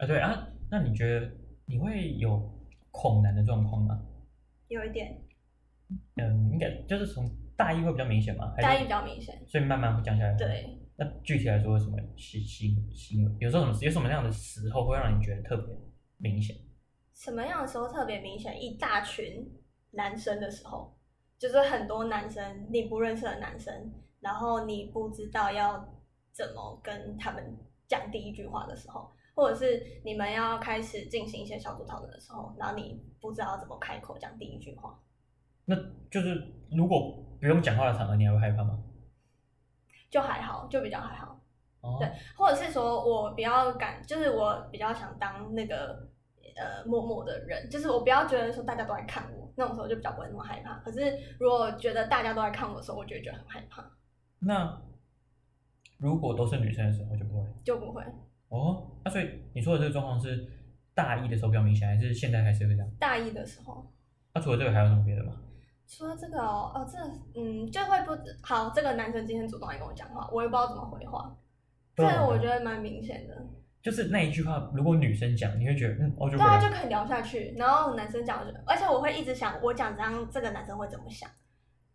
啊，對啊，那你覺得你會有恐男的狀況嗎？有一點。嗯，應該就是從大一會比較明顯嘛，還是大一比較明顯，所以慢慢會降下來。對。那具體來說，什麼？行行行為，有時候什麼？有什麼樣的時候會讓你覺得特別明顯？什麼樣的時候特別明顯？一大群男生的時候，就是很多男生，你不認識的男生，然後你不知道要怎麼跟他們講第一句話的時候。或者是你們要開始進行一些小組討論的時候，然後你不知道怎麼開口講第一句話。那就是如果不用講話的場合，你還會害怕嗎？就還好，就比較還好。哦、對，或者是說我比較敢，就是我比較想當那個呃默默的人，就是我不要覺得說大家都來看我那種時候，就比較不會那麼害怕。可是如果覺得大家都來看我的時候，我就覺得很害怕。那如果都是女生的時候，我就不會，就不會。哦，那、啊、所以你說的這個狀況是大一的時候比較明顯，還是現在開始會這樣？大一的時候。那、啊、除了這個還有什麼別的嗎？除了這個，哦，哦，這個，嗯，就會不好。這個男生今天主動來跟我講話，我也不知道怎麼回話。對啊、這個我覺得蠻明顯的。就是那一句話，如果女生講，你會覺得嗯，我、哦、就不了對啊，就可以聊下去。然後男生講，而且我會一直想，我講這樣，這個男生會怎麼想？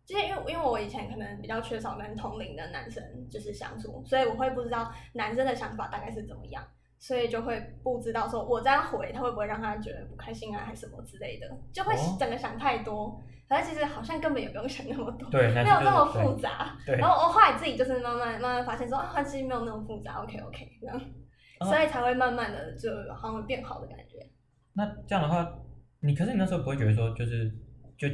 就是因為因為我以前可能比較缺少跟同齡的男生就是相處，所以我會不知道男生的想法大概是怎麼樣，所以就會不知道說我這樣回他會不會讓他覺得不開心啊，還是什麼之類的，就會整個想太多。可是、哦、其實好像根本也不用想那麼多，對沒有那麼複雜。然後我後來自己就是慢慢慢慢發現說啊，他其實沒有那麼複雜，OK OK 這樣，嗯、所以才會慢慢的就好像會變好的感覺。那這樣的話，你可是你那時候不會覺得說就是就。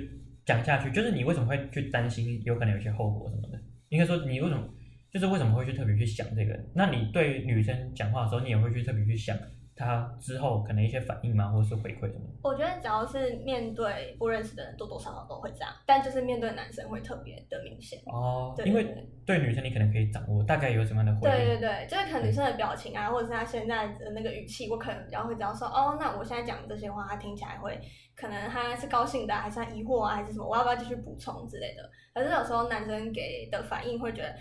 講下去，就是你為什麼會去擔心，有可能有些後果什麼的。應該說，你為什麼，就是為什麼會去特別去想這個？那你對女生講話的時候，你也會去特別去想，他之後可能一些反應嗎，或者是回饋什麼？我覺得只要是面對不認識的人，多多少少都會這樣，但就是面對男生會特別的明顯哦。對對對，因為對女生你可能可以掌握大概有什麼樣的回應，對對對，就是可能女生的表情啊，或者是她現在的那個語氣，我可能比較會知道說，嗯、哦，那我現在講的這些話，她聽起來會可能她是高興的、啊，還是她疑惑，啊，還是什麼？我要不要繼續補充之類的？可是有時候男生給的反應會覺得。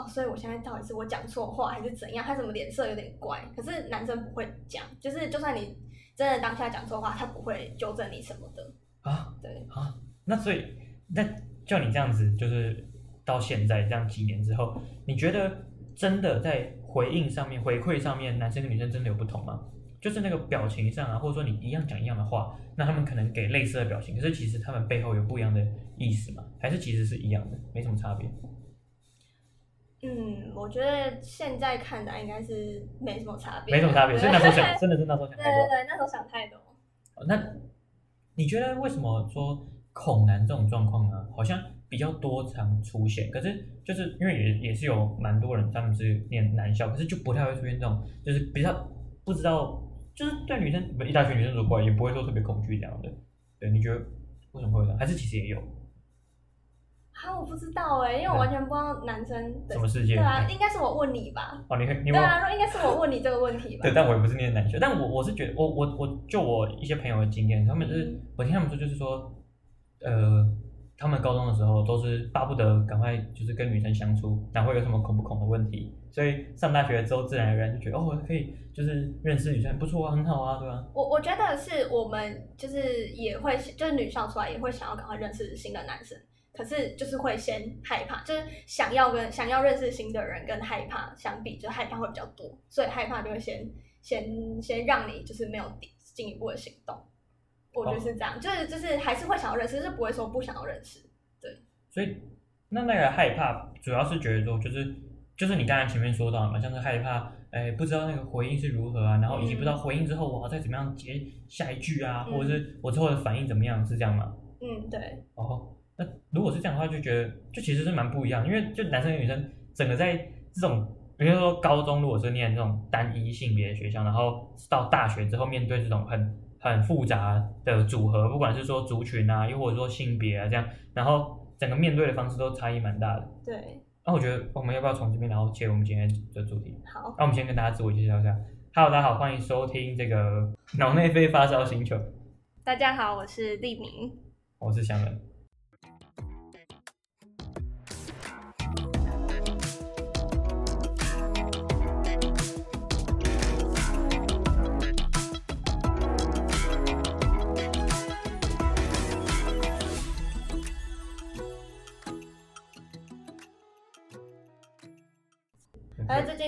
哦，所以我現在到底是我講錯話還是怎樣？他怎麼臉色有點怪？可是男生不會講，就是就算你真的當下講錯話，他不會糾正你什麼的啊。對啊，那所以那叫你這樣子，就是到現在這樣幾年之後，你覺得真的在回應上面，回饋上面，男生跟女生真的有不同嗎？就是那個表情上啊，或者說你一樣講一樣的話，那他們可能給類似的表情，可是其實他們背後有不一樣的意思嗎？還是其實是一樣的，沒什麼差別？嗯，我覺得現在看來應該是沒什麼差別，沒什麼差別。真的對是那時候想， 真的是那時候想太多，對對對，那時候想太多。那你覺得為什麼說恐男這種狀況呢？好像比較多常出現，可是就是因為也也是有蠻多人，他們是念男校，可是就不太會出現這種，就是比較不知道，就是對女生，一大群女生走過來，也不會說特別恐懼這樣的。對，你覺得為什麼會這樣？還是其實也有？啊，我不知道哎、欸，因為我完全不知道男生對對什麼世界，對啊，應該是我問你吧？哦，你你問啊，應該是我問你這個問題吧？ 對，但我也不是念男生，但我我是覺得，我我我就我一些朋友的經驗，他們、就是，嗯、我聽他們說就是說，呃，他們高中的時候都是巴不得趕快就是跟女生相處，哪會有什麼恐不恐的問題？所以上大學之後，自然而然就覺得哦，可以就是認識女生不錯啊，很好啊，對吧、啊？我我覺得是我們就是也會就是女校出來也會想要趕快認識新的男生。可是就是會先害怕，就是想要跟想要認識新的人跟害怕相比，就是、害怕會比較多，所以害怕就會先先先讓你就是沒有進一步的行動。我覺得是這樣，哦、就是就是還是會想要認識，就是不會說不想要認識。對，所以那那個害怕主要是覺得說就是就是你剛才前面說到的嘛，像是害怕哎、欸、不知道那個回應是如何啊，然後以及不知道回應之後我要再怎麼樣接下一句啊，嗯、或者是我之後的反應怎麼樣，是這樣嗎？嗯，對。哦。那如果是這樣的話，就覺得就其實是蠻不一樣，因為就男生跟女生整個在這種，比如說高中，如果是念這種單一性別的學校，然後到大學之後面對這種很很複雜的組合，不管是說族群啊，又或者說性別啊這樣，然後整個面對的方式都差異蠻大的。對。那、啊、我覺得我們要不要從這邊然後切入我們今天的主題？好。那、啊、我們先跟大家自我介紹一下。h e l o 大家好，歡迎收聽這個腦內非發燒星球。大家好，我是麗敏、哦，我是香人。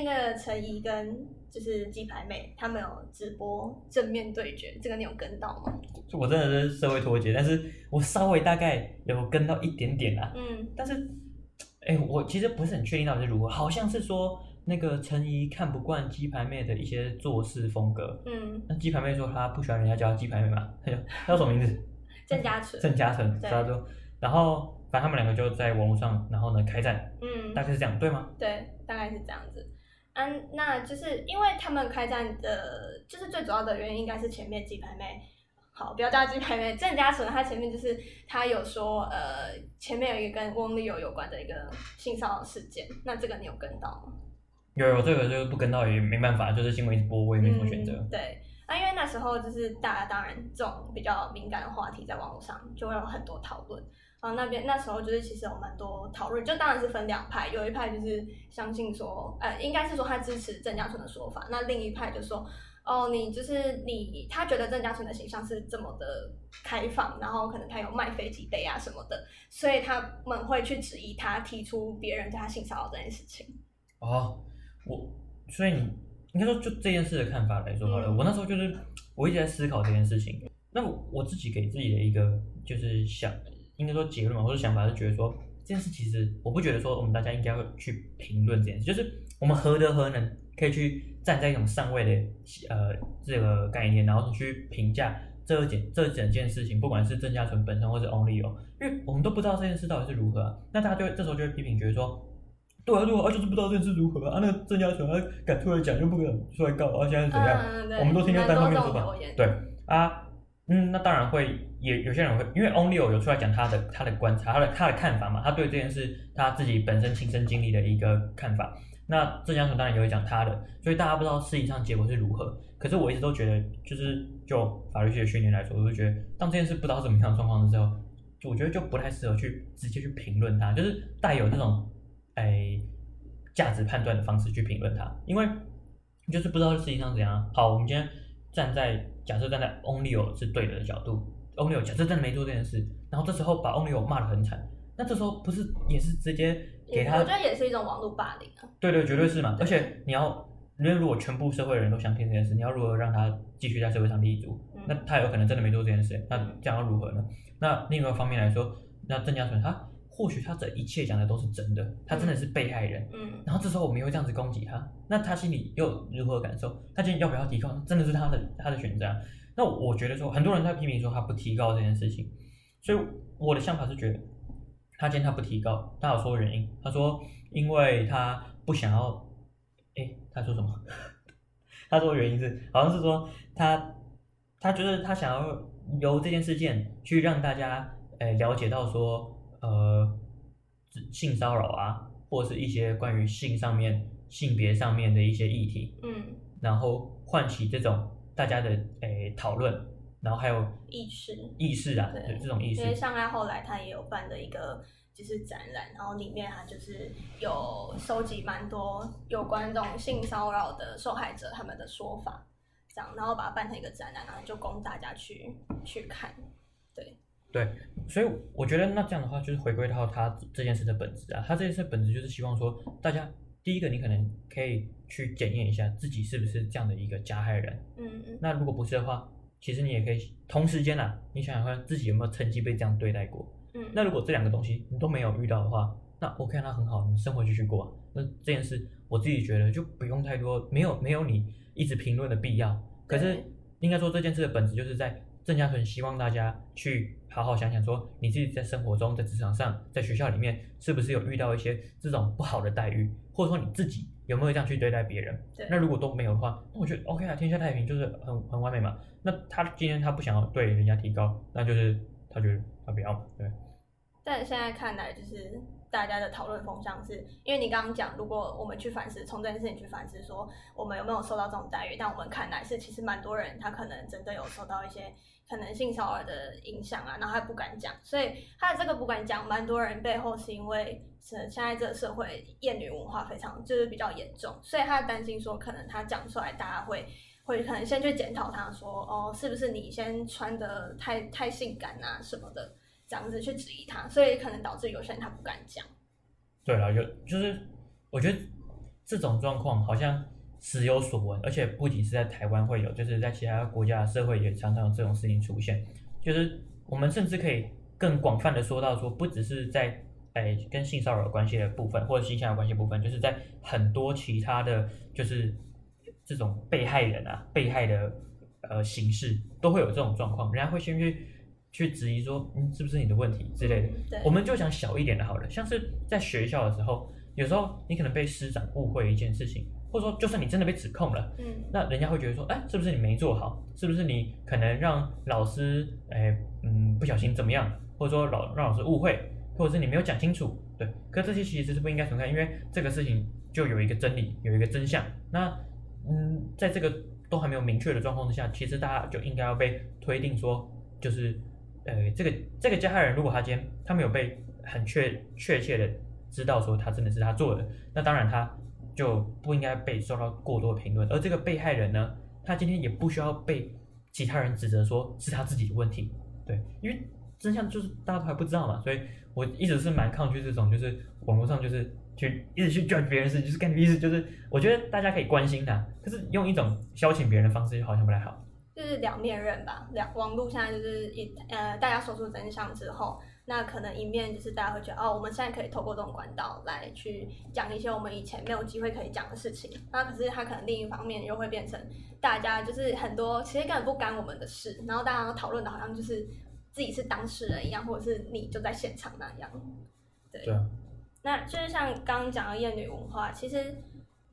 那個陳沂跟就是雞排妹，他們有直播正面對決，這個你有跟到嗎？我真的是社會脫節，但是我稍微大概有跟到一點點啦。嗯，但是，哎、欸，我其實不是很確定到底是如何，好像是說那個陳沂看不慣雞排妹的一些做事風格。嗯，那雞排妹說她不喜歡人家叫她雞排妹嘛，她叫她叫什麼名字？鄭家純。鄭家純，對。他說，然後反正他們兩個就在網絡上，然後呢開戰。嗯，大概是這樣，對嗎？對，大概是這樣子。嗯、啊，那就是因為他們開戰的，就是最主要的原因應該是前面雞排妹，好不要叫雞排妹鄭家純，鄭家純他前面就是他有說呃，前面有一個跟翁立友有關的一個性騷擾事件，那這個你有跟到嗎？有這個就是不跟到也沒辦法，就是新聞一直播我也沒什麼選擇，嗯。對，那、啊、因為那時候就是大家當然這種比較敏感的話題在網絡上就會有很多討論。啊，那邊那時候就是其實有蠻多討論，就當然是分兩派，有一派就是相信說，呃，應該是說他支持鄭家純的說法，那另一派就說，哦，你就是你，他覺得鄭家純的形象是這麼的開放，然後可能他有賣飛機杯啊什麼的，所以他們會去質疑他提出別人對他性騷擾這件事情。哦，我所以你，應該說就這件事的看法來說好了，我那時候就是我一直在思考這件事情，那我，我自己給自己的一個就是想。應該說結論或者想法是覺得說這件事其實我不覺得說我們大家應該會去評論這件事，就是我們何德何能可以去站在一種上位的呃這個概念，然後去評價這件這整件事情，不管是鄭家純本身或是 Onlyo，、哦、因為我們都不知道這件事到底是如何、啊，那大家就這時候就會批評，覺得說，對啊對啊，就是不知道這件事如何啊，那個鄭家純他敢出來講又不敢出來告，啊現在是怎樣，嗯、我們都應該單方面、嗯、對啊。嗯，那當然會，也有些人會，因為翁立友有出來講他的他的觀察，他的他的看法嘛，他對這件事他自己本身親身經歷的一個看法。那鄭家純當然也會講他的，所以大家不知道事情上結果是如何。可是我一直都覺得，就是就法律系的訓練來說，我就覺得當這件事不知道怎麼樣狀況的時候，我覺得就不太適合去直接去評論它，就是帶有這種哎價值判斷的方式去評論它，因為就是不知道事情上怎樣、啊。好，我們今天站在。假設站在 Onlyo 是對的，的角度，Onlyo 假設真的沒做這件事，然後這時候把 Onlyo 罵得很慘，那這時候不是也是直接給他？我覺得也是一種網絡霸凌啊。對，對對，絕對是嘛。嗯、而且你要，對因為如果全部社會的人都想聽這件事，你要如何讓他繼續在社會上立足？嗯、那他有可能真的沒做這件事，那這樣又如何呢？那另外一個方面來說，那鄭家純，他。或許他這一切講的都是真的，他真的是被害人。嗯，然後這時候我們又這樣子攻擊他，那他心裡又如何感受？他今天要不要提告？真的是他的他的選擇、啊。那我覺得說，很多人在批評說他不提告這件事情，所以我的想法是覺得，他今天他不提告，他有說原因。他說，因為他不想要，欸、他說什麼？ 他說原因是好像是說他他覺得他想要由這件事件去讓大家，哎、欸，了解到說。呃，性騷擾啊，或是一些關於性上面、性別上面的一些議題，嗯，然後喚起這種大家的誒討論，然後還有意識意識啊，對，對這種意識。因為上海後來他也有辦的一個就是展覽，然後裡面他、啊、就是有收集蠻多有關這種性騷擾的受害者他們的說法，這樣，然後把它辦成一個展覽，然後就供大家去去看，對。對，所以我覺得那這樣的話就是回歸到他這件事的本質啊，他這件事的本質就是希望說，大家第一個你可能可以去檢驗一下自己是不是這樣的一個加害人，嗯嗯。那如果不是的話，其實你也可以同時間吶、啊，你想想看自己有沒有曾經被這樣對待過，嗯。那如果這兩個東西你都沒有遇到的話，那 OK，那很好，你生活繼續過、啊。那這件事我自己覺得就不用太多，沒有沒有你一直評論的必要。可是應該說這件事的本質就是在鄭家純希望大家去。好好想想，說你自己在生活中、在職場上、在學校裡面，是不是有遇到一些這種不好的待遇，或者說你自己有沒有這樣去對待別人？對。那如果都沒有的話，那我覺得 OK 啊，天下太平就是很很完美嘛。那他今天他不想要對人家提高，那就是他覺得他不要嘛。對。但現在看來，就是大家的討論風向是，因為你剛剛講，如果我們去反思，從這件事情去反思，說我們有沒有受到這種待遇？但我們看來是，其實蠻多人他可能真的有受到一些。可能性騷擾的影響啊，然後還不敢講，所以他的這個不敢講，蠻多人背後是因為呃現在這個社會厭女文化非常就是比較嚴重，所以他擔心說可能他講出來，大家會會可能先去檢討他說，說哦是不是你先穿的太太性感啊什麼的這樣子去質疑他，所以可能導致有些人他不敢講。對啊，有就是我覺得這種狀況好像，時有所聞，而且不僅是在台灣會有，就是在其他國家的社會也常常有這種事情出現。就是我們甚至可以更廣泛的說到說，說不只是在，呃、跟性騷擾關係的部分，或者性向有關係部分，就是在很多其他的，就是這種被害人啊、被害的呃形式都會有這種狀況，人家會先去去質疑說，嗯，是不是你的問題之類的。對我們就想小一點的，好了，像是在學校的時候，有時候你可能被師長誤會一件事情。或者說，就算你真的被指控了，嗯，那人家會覺得說，哎、欸，是不是你沒做好？是不是你可能讓老師，哎、欸，嗯，不小心怎麼樣？或者說老讓老師誤會，或者是你沒有講清楚，對。可這些其實是不應該存在，因為這個事情就有一個真理，有一個真相。那，嗯，在這個都還沒有明確的狀況之下，其實大家就應該要被推定說，就是，呃，這個這個加害人如果他今天他沒有被很確確切的知道說他真的是他做的，那當然他。就不應該被受到過多評論，而這個被害人呢，他今天也不需要被其他人指責說是他自己的問題，對，因為真相就是大家都還不知道嘛，所以我一直是蠻抗拒這種就是網絡上就是去一直去 judge 別人事，就是干的意思就是我覺得大家可以關心他，可是用一種消遣別人的方式好像不太好，就是兩面刃吧，兩網絡現在就是一呃大家說出真相之後。那可能一面就是大家會覺得哦，我們現在可以透過這種管道來去講一些我們以前沒有機會可以講的事情。那可是他可能另一方面又會變成大家就是很多其實根本不干我們的事，然後大家討論的好像就是自己是當事人一樣，或者是你就在現場那樣。對。樣那就是像剛剛講到厭女文化，其實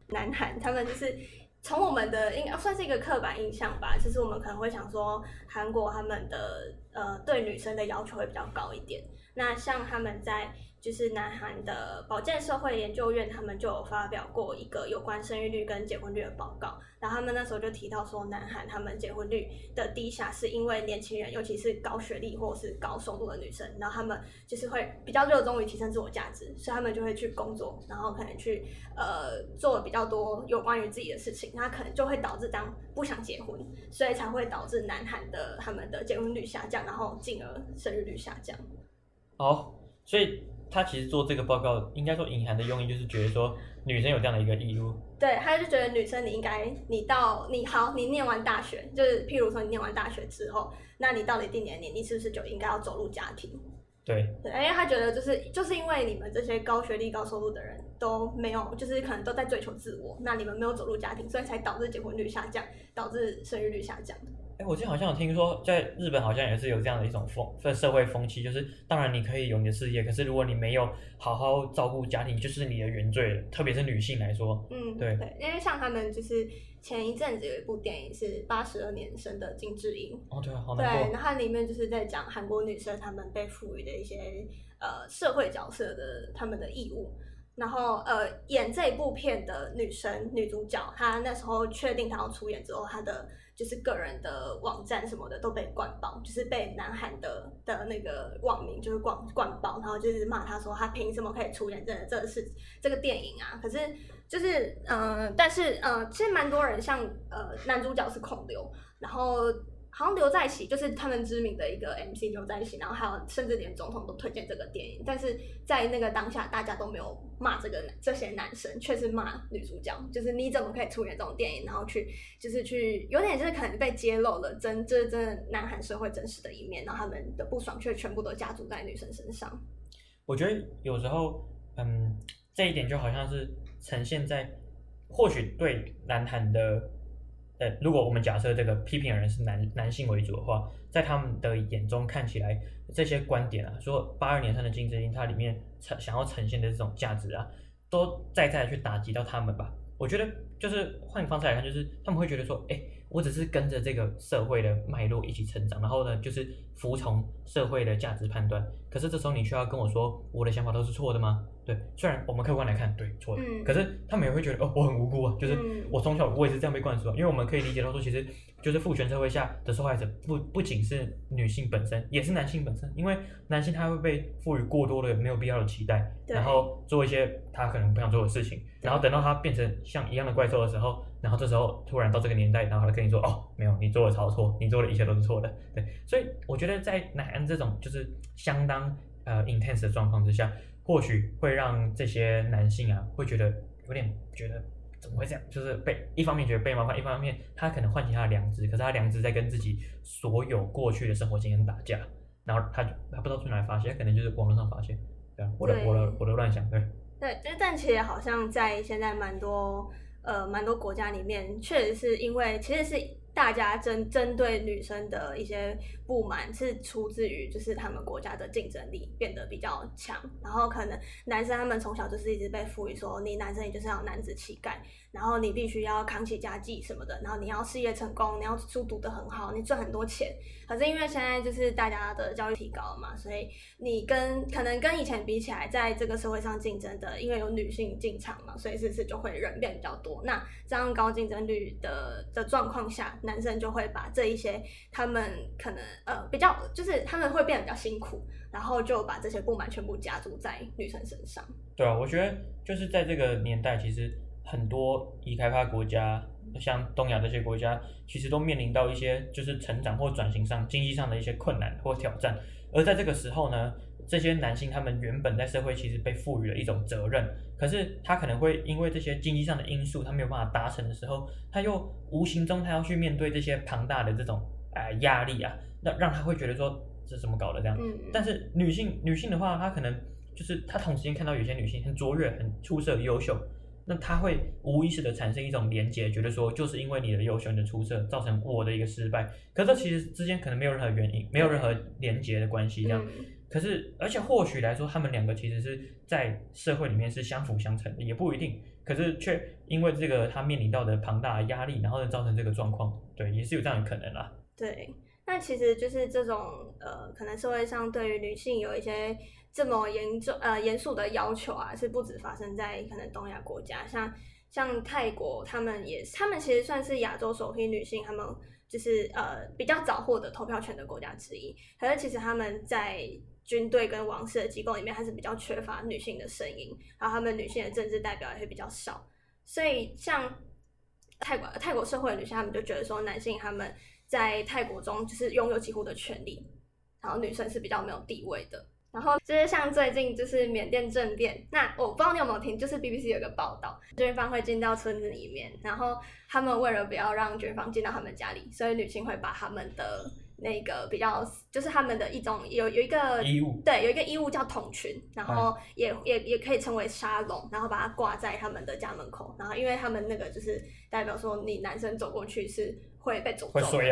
南韓他們就是。從我們的應該算是一個刻板印象吧，就是我們可能會想說韓國他們的呃對女生的要求會比較高一點，那像他們在。就是南韓的保健社會研究院，他們就有發表過一個有關生育率跟結婚率的報告。然後他們那時候就提到說，南韓他們結婚率的低下，是因為年輕人，尤其是高學歷或者是高收入的女生，然後他們就是會比較熱衷於提升自我價值，所以他們就會去工作，然後可能去呃做比較多有關於自己的事情，那可能就會導致當不想結婚，所以才會導致南韓的他們的結婚率下降，然後進而生育率下降。好，所以。他其實做這個報告，應該說隱含的用意就是覺得說女生有這樣的一個義務，對，他就覺得女生你應該，你到你好，你念完大學，就是譬如說你念完大學之後，那你到了一定年齡，你是不是就應該要走入家庭？對，對，因為他覺得就是就是因為你們這些高學歷高收入的人都沒有，就是可能都在追求自我，那你們沒有走入家庭，所以才導致結婚率下降，導致生育率下降。哎、欸，我最近好像有聽說，在日本好像也是有這樣的一種風，社會風氣，就是當然你可以有你的事業，可是如果你沒有好好照顧家庭，就是你的原罪了，特別是女性來說。對嗯，對，因為像他們就是前一陣子有一部電影是八十二年生的金智英。哦，對、啊，好難過。對，然後裡面就是在講韓國女生她們被賦予的一些呃社會角色的她們的義務，然後呃演這一部片的女生女主角，她那時候確定她要出演之後，她的。就是個人的網站什麼的都被灌爆，就是被南韓的的那個網民就是灌灌爆，然後就是罵他說他憑什麼可以出演這這個事這個電影啊？可是就是嗯、呃，但是嗯、呃，其實蠻多人像呃男主角是孔劉，然後。好像劉在錫，就是他們知名的一個 MC 劉在錫，然後還有甚至連總統都推薦這個電影，但是在那個當下，大家都沒有罵這個這些男生，卻是罵女主角，就是你怎麼可以出演這種電影，然後去就是去有點就是可能被揭露了真，這、就是、真的南韓社會真實的一面，然後他們的不爽卻全部都加注在女生身上。我覺得有時候，嗯，這一點就好像是呈現在或許對南韓的。呃，如果我們假設這個批評的人是男男性為主的話，在他們的眼中看起來，這些觀點啊，說八二年生的金智英，它裡面呈想要呈現的這種價值啊，都再再去打擊到他們吧。我覺得就是換一個方式來看，就是他們會覺得說，哎。我只是跟着這個社會的脈絡一起成長，然後呢，就是服從社會的價值判斷。可是這時候你需要跟我說，我的想法都是錯的嗎？對，雖然我們客觀來看對錯的，的、嗯、可是他們也會覺得哦，我很無辜啊，就是我從小我也是這樣被灌輸、啊，嗯、因為我們可以理解到說其實。就是父權社會下的受害者不，不不僅是女性本身，也是男性本身。因為男性他會被賦予過多的沒有必要的期待，對然後做一些他可能不想做的事情，對然後等到他變成像一樣的怪獸的時候，然後這時候突然到這個年代，然後他跟你說，哦，沒有，你做的超錯，你做的一切都是錯的。對，所以我覺得在男人這種就是相當呃 intense 的狀況之下，或許會讓這些男性啊，會覺得有點覺得。怎麼會這樣？就是被一方面覺得被冒犯，一方面他可能喚醒他的良知，可是他良知在跟自己所有過去的生活經驗打架，然後他他不知道去哪裡發洩，他可能就是網絡上發洩，對，我的對我的我的，我的亂想，對。對，就但其實好像在現在蠻多呃蠻多國家裡面，確實是因為其實是大家針針對女生的一些，不滿是出自於，就是他們國家的競爭力變得比較強，然後可能男生他們從小就是一直被賦予說，你男生也就是要男子氣概，然後你必須要扛起家計什麼的，然後你要事業成功，你要書讀得很好，你賺很多錢。可是因為現在就是大家的教育提高了嘛，所以你跟可能跟以前比起來，在這個社會上競爭的，因為有女性進場嘛，所以這是就會人變比較多。那這樣高競爭率的的狀況下，男生就會把這一些他們可能。呃，比較就是他們會變得比較辛苦，然後就把這些不滿全部加諸在女生身上。對啊，我覺得就是在這個年代，其實很多已開發國家，像東亞這些國家，其實都面臨到一些就是成長或轉型上經濟上的一些困難或挑戰。而在這個時候呢，這些男性他們原本在社會其實被賦予了一種責任，可是他可能會因為這些經濟上的因素，他沒有辦法達成的時候，他又無形中他要去面對這些龐大的這種呃，壓力啊。那讓他會覺得說，這是怎麼搞的這樣子，嗯、但是女性女性的話，她可能就是她同時間看到有些女性很卓越、很出色、優秀，那她會無意識的產生一種連結，覺得說就是因為你的優秀、你的出色，造成我的一個失敗。可是這其實之間可能沒有任何原因，嗯、沒有任何連結的關係這樣。嗯、可是而且或許來說，他們兩個其實是在社會裡面是相輔相成的，也不一定。可是卻因為這個他面臨到的龐大的壓力，然後呢，造成這個狀況。對，也是有這樣的可能啦。對。那其實就是這種呃，可能社會上對於女性有一些這麼嚴重呃嚴肅的要求啊，是不止發生在可能東亞國家，像像泰國，他們也他們其實算是亞洲首批女性，他們就是呃比較早獲得投票權的國家之一。可是其實他們在軍隊跟王室的機構裡面，還是比較缺乏女性的聲音，然後他們女性的政治代表也會比較少。所以像泰國泰國社會的女性，他們就覺得說男性他們。在泰國中就是擁有幾乎的權利，然後女生是比較沒有地位的。然後就是像最近就是緬甸政變，那我不知道你有沒有聽，就是 BBC 有個報道，軍方會進到村子裡面，然後他們為了不要讓軍方進到他們家裡，所以女性會把他們的那個比較，就是他們的一種有有一個衣物，務對，有一個衣物叫筒裙，然後也、啊、也也可以稱為沙龍，然後把它掛在他們的家門口，然後因為他們那個就是代表說你男生走過去是。會被詛咒，會對對對，嗯、所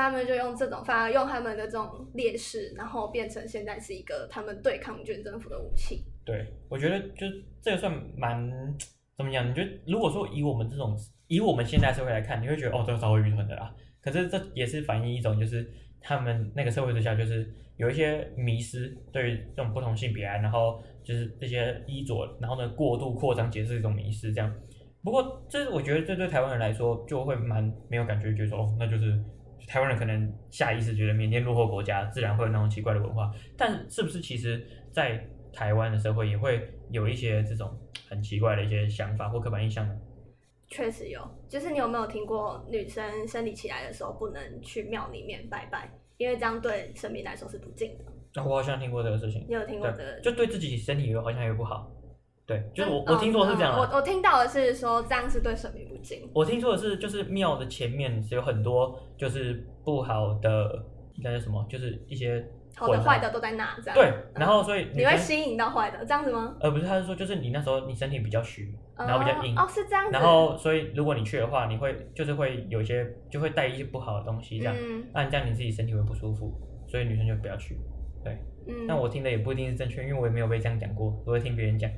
以他們就用這種方法，反而用他們的這種劣勢，然後變成現在是一個他們對抗軍政府的武器。對，我覺得就這個算蠻，怎麼樣？你覺得如果說以我們這種，以我們現代社會來看，你會覺得哦，這個稍微愚蠢的啦。可是這也是反映一種，就是他們那個社會之下，就是有一些迷思，對於這種不同性別啊，然後就是這些衣着，然後呢過度擴張解釋一種迷思，這樣。不過，這是我覺得這對，對台灣人來說就會蠻沒有感覺，覺得說哦，那就是台灣人可能下意識覺得緬甸落後國家，自然會有那種奇怪的文化。但是不是其實，在台灣的社會也會有一些這種很奇怪的一些想法或刻板印象呢？確實有，就是你有沒有聽過女生生理期來的時候不能去廟裡面拜拜，因為這樣對神明來說是不敬的？哦，我好像聽過這個事情，你有聽過這個？就對自己身體好像也不好。對，就我、嗯、我聽說的是這樣的、啊。Oh, no. 我我聽到的是說這樣是對神明不敬。我聽說的是，就是廟的前面是有很多就是不好的，應該叫什麼？就是一些好的壞的都在那這樣。對，然後所以你、嗯、你會吸引到壞的，這樣子嗎？呃，不是，他是說就是你那時候你身體比較虛，oh, 然後比較硬。哦，oh, 是這樣子。然後所以如果你去的話，你會就是會有一些就會帶一些不好的東西這樣，那、嗯啊、這樣你自己身體會不舒服，所以女生就不要去。對，嗯。但我聽的也不一定是正確，因為我也沒有被這樣講過，我會聽別人講。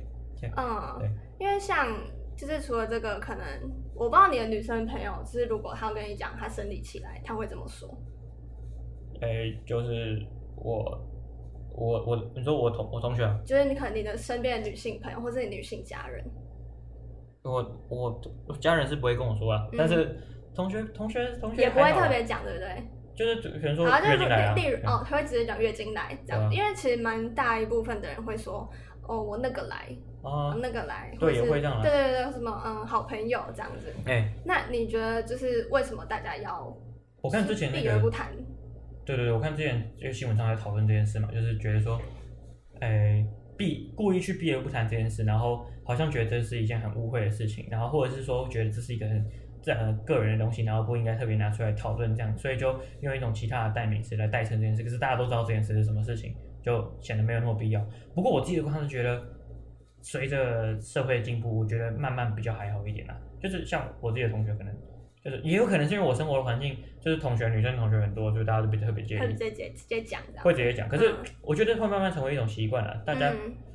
嗯，對因為像就是除了這個，可能我不知道你的女生朋友，就是如果她跟你講她生理期來，她會怎麼說？哎、欸，就是我，我，我，你說我同我同學、啊，就是你可能你的身邊的女性朋友，或是你女性家人，我我，我家人是不會跟我說啊，嗯、但是同學同學同學、啊、也不會特別講，對不對？就是比如說月經來啊。啊就是、例如、嗯、哦，他會直接講月經來這樣、嗯、因為其實蠻大一部分的人會說哦，我那個來。哦，嗯、那個來，對，對，對，對也會這樣來，對對對，什麼嗯，好朋友這樣子。哎、欸，那你覺得就是為什麼大家要我看之前那個避而不談？對對對，我看之前這個新聞上在討論這件事嘛，就是覺得說，哎、欸，避故意去避而不談這件事，然後好像覺得這是一件很誤會的事情，然後或者是說覺得這是一個很自然的個人的東西，然後不應該特別拿出來討論這樣，所以就用一種其他的代名詞來代稱這件事，可是大家都知道這件事是什麼事情，就顯得沒有那麼必要。不過我記得的看是覺得。隨着社會進步，我覺得慢慢比較還好一點啦。就是像我自己的同學，可能就是也有可能是因為我生活的環境，就是同學，女生同學很多，就大家都較特別介意。特直接直接講的。會直接講，可是我覺得會慢慢成為一種習慣了。嗯、大家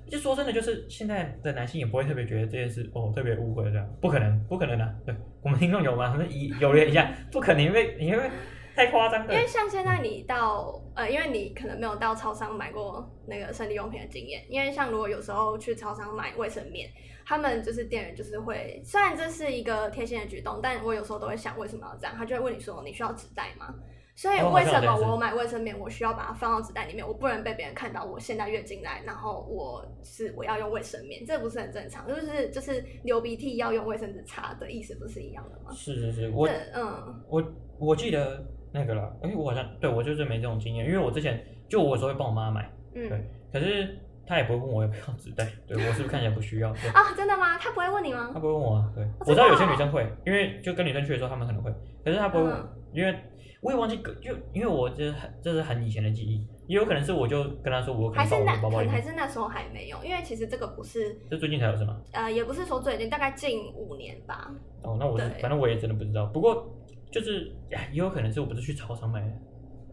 就說真的，就是現在的男性也不會特別覺得這件事哦特別誤會這樣。不可能，不可能的啊。對，我們聽眾有嗎？可能一有了一下， 不可能，因為因為。太誇張了，因為像現在你到呃，因為你可能沒有到超商買過那個生理用品的經驗。因為像如果有時候去超商買衛生棉，他們就是店員就是會，雖然這是一個貼心的舉動，但我有時候都會想為什麼要這樣。他就會問你說：“你需要紙袋嗎？”所以為什麼我有買衛生棉，我需要把它放到紙袋裡面？我不能被別人看到我現在月經來，然後我是我要用衛生棉，這不是很正常？就是就是流鼻涕要用衛生紙擦的意思，不是一樣的嗎？是是是，我嗯，我我記得。那個了，而、欸、我好像對，我就是沒這種經驗，因為我之前就我只會幫我媽買，嗯，對，可是她也不會問我要不要紙袋，嗯、對我是不是看起來不需要啊、哦？真的嗎？她不會問你嗎？她不會問我啊，對，哦、我知道有些女生會，因為就跟女生去的時候她們可能會，可是她不會問，嗯、因為我也忘記，就因為我就是很這是很以前的記憶，也有可能是我就跟她說我可以放我的包包裡，還是那時候還沒有，因為其實這個不是，就最近才有什麼？呃，也不是說最近，大概近五年吧。哦，那我對反正我也真的不知道，不過。就是，也有可能是，我不是去超商買的，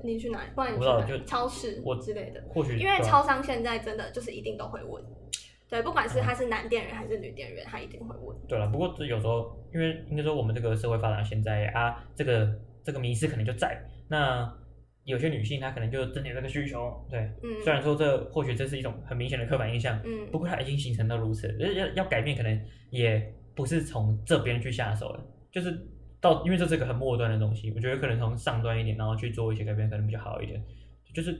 你去哪裡？不然你我不就超市，我之類的，或許因為超商現在真的就是一定都會問，對，不管是他是男店員還是女店員，嗯、他一定會問。對了，不過這有時候因為應該說我們這個社會發展到現在啊，這個這個迷思可能就在那，有些女性她可能就是針對這個需求，對，嗯，雖然說這或許這是一種很明顯的刻板印象，嗯，不過它已經形成到如此了，就是、要要改變可能也不是從這邊去下手了，就是。到，因為這是個很末端的東西，我覺得可能從上端一點，然後去做一些改變，可能比較好一點。就是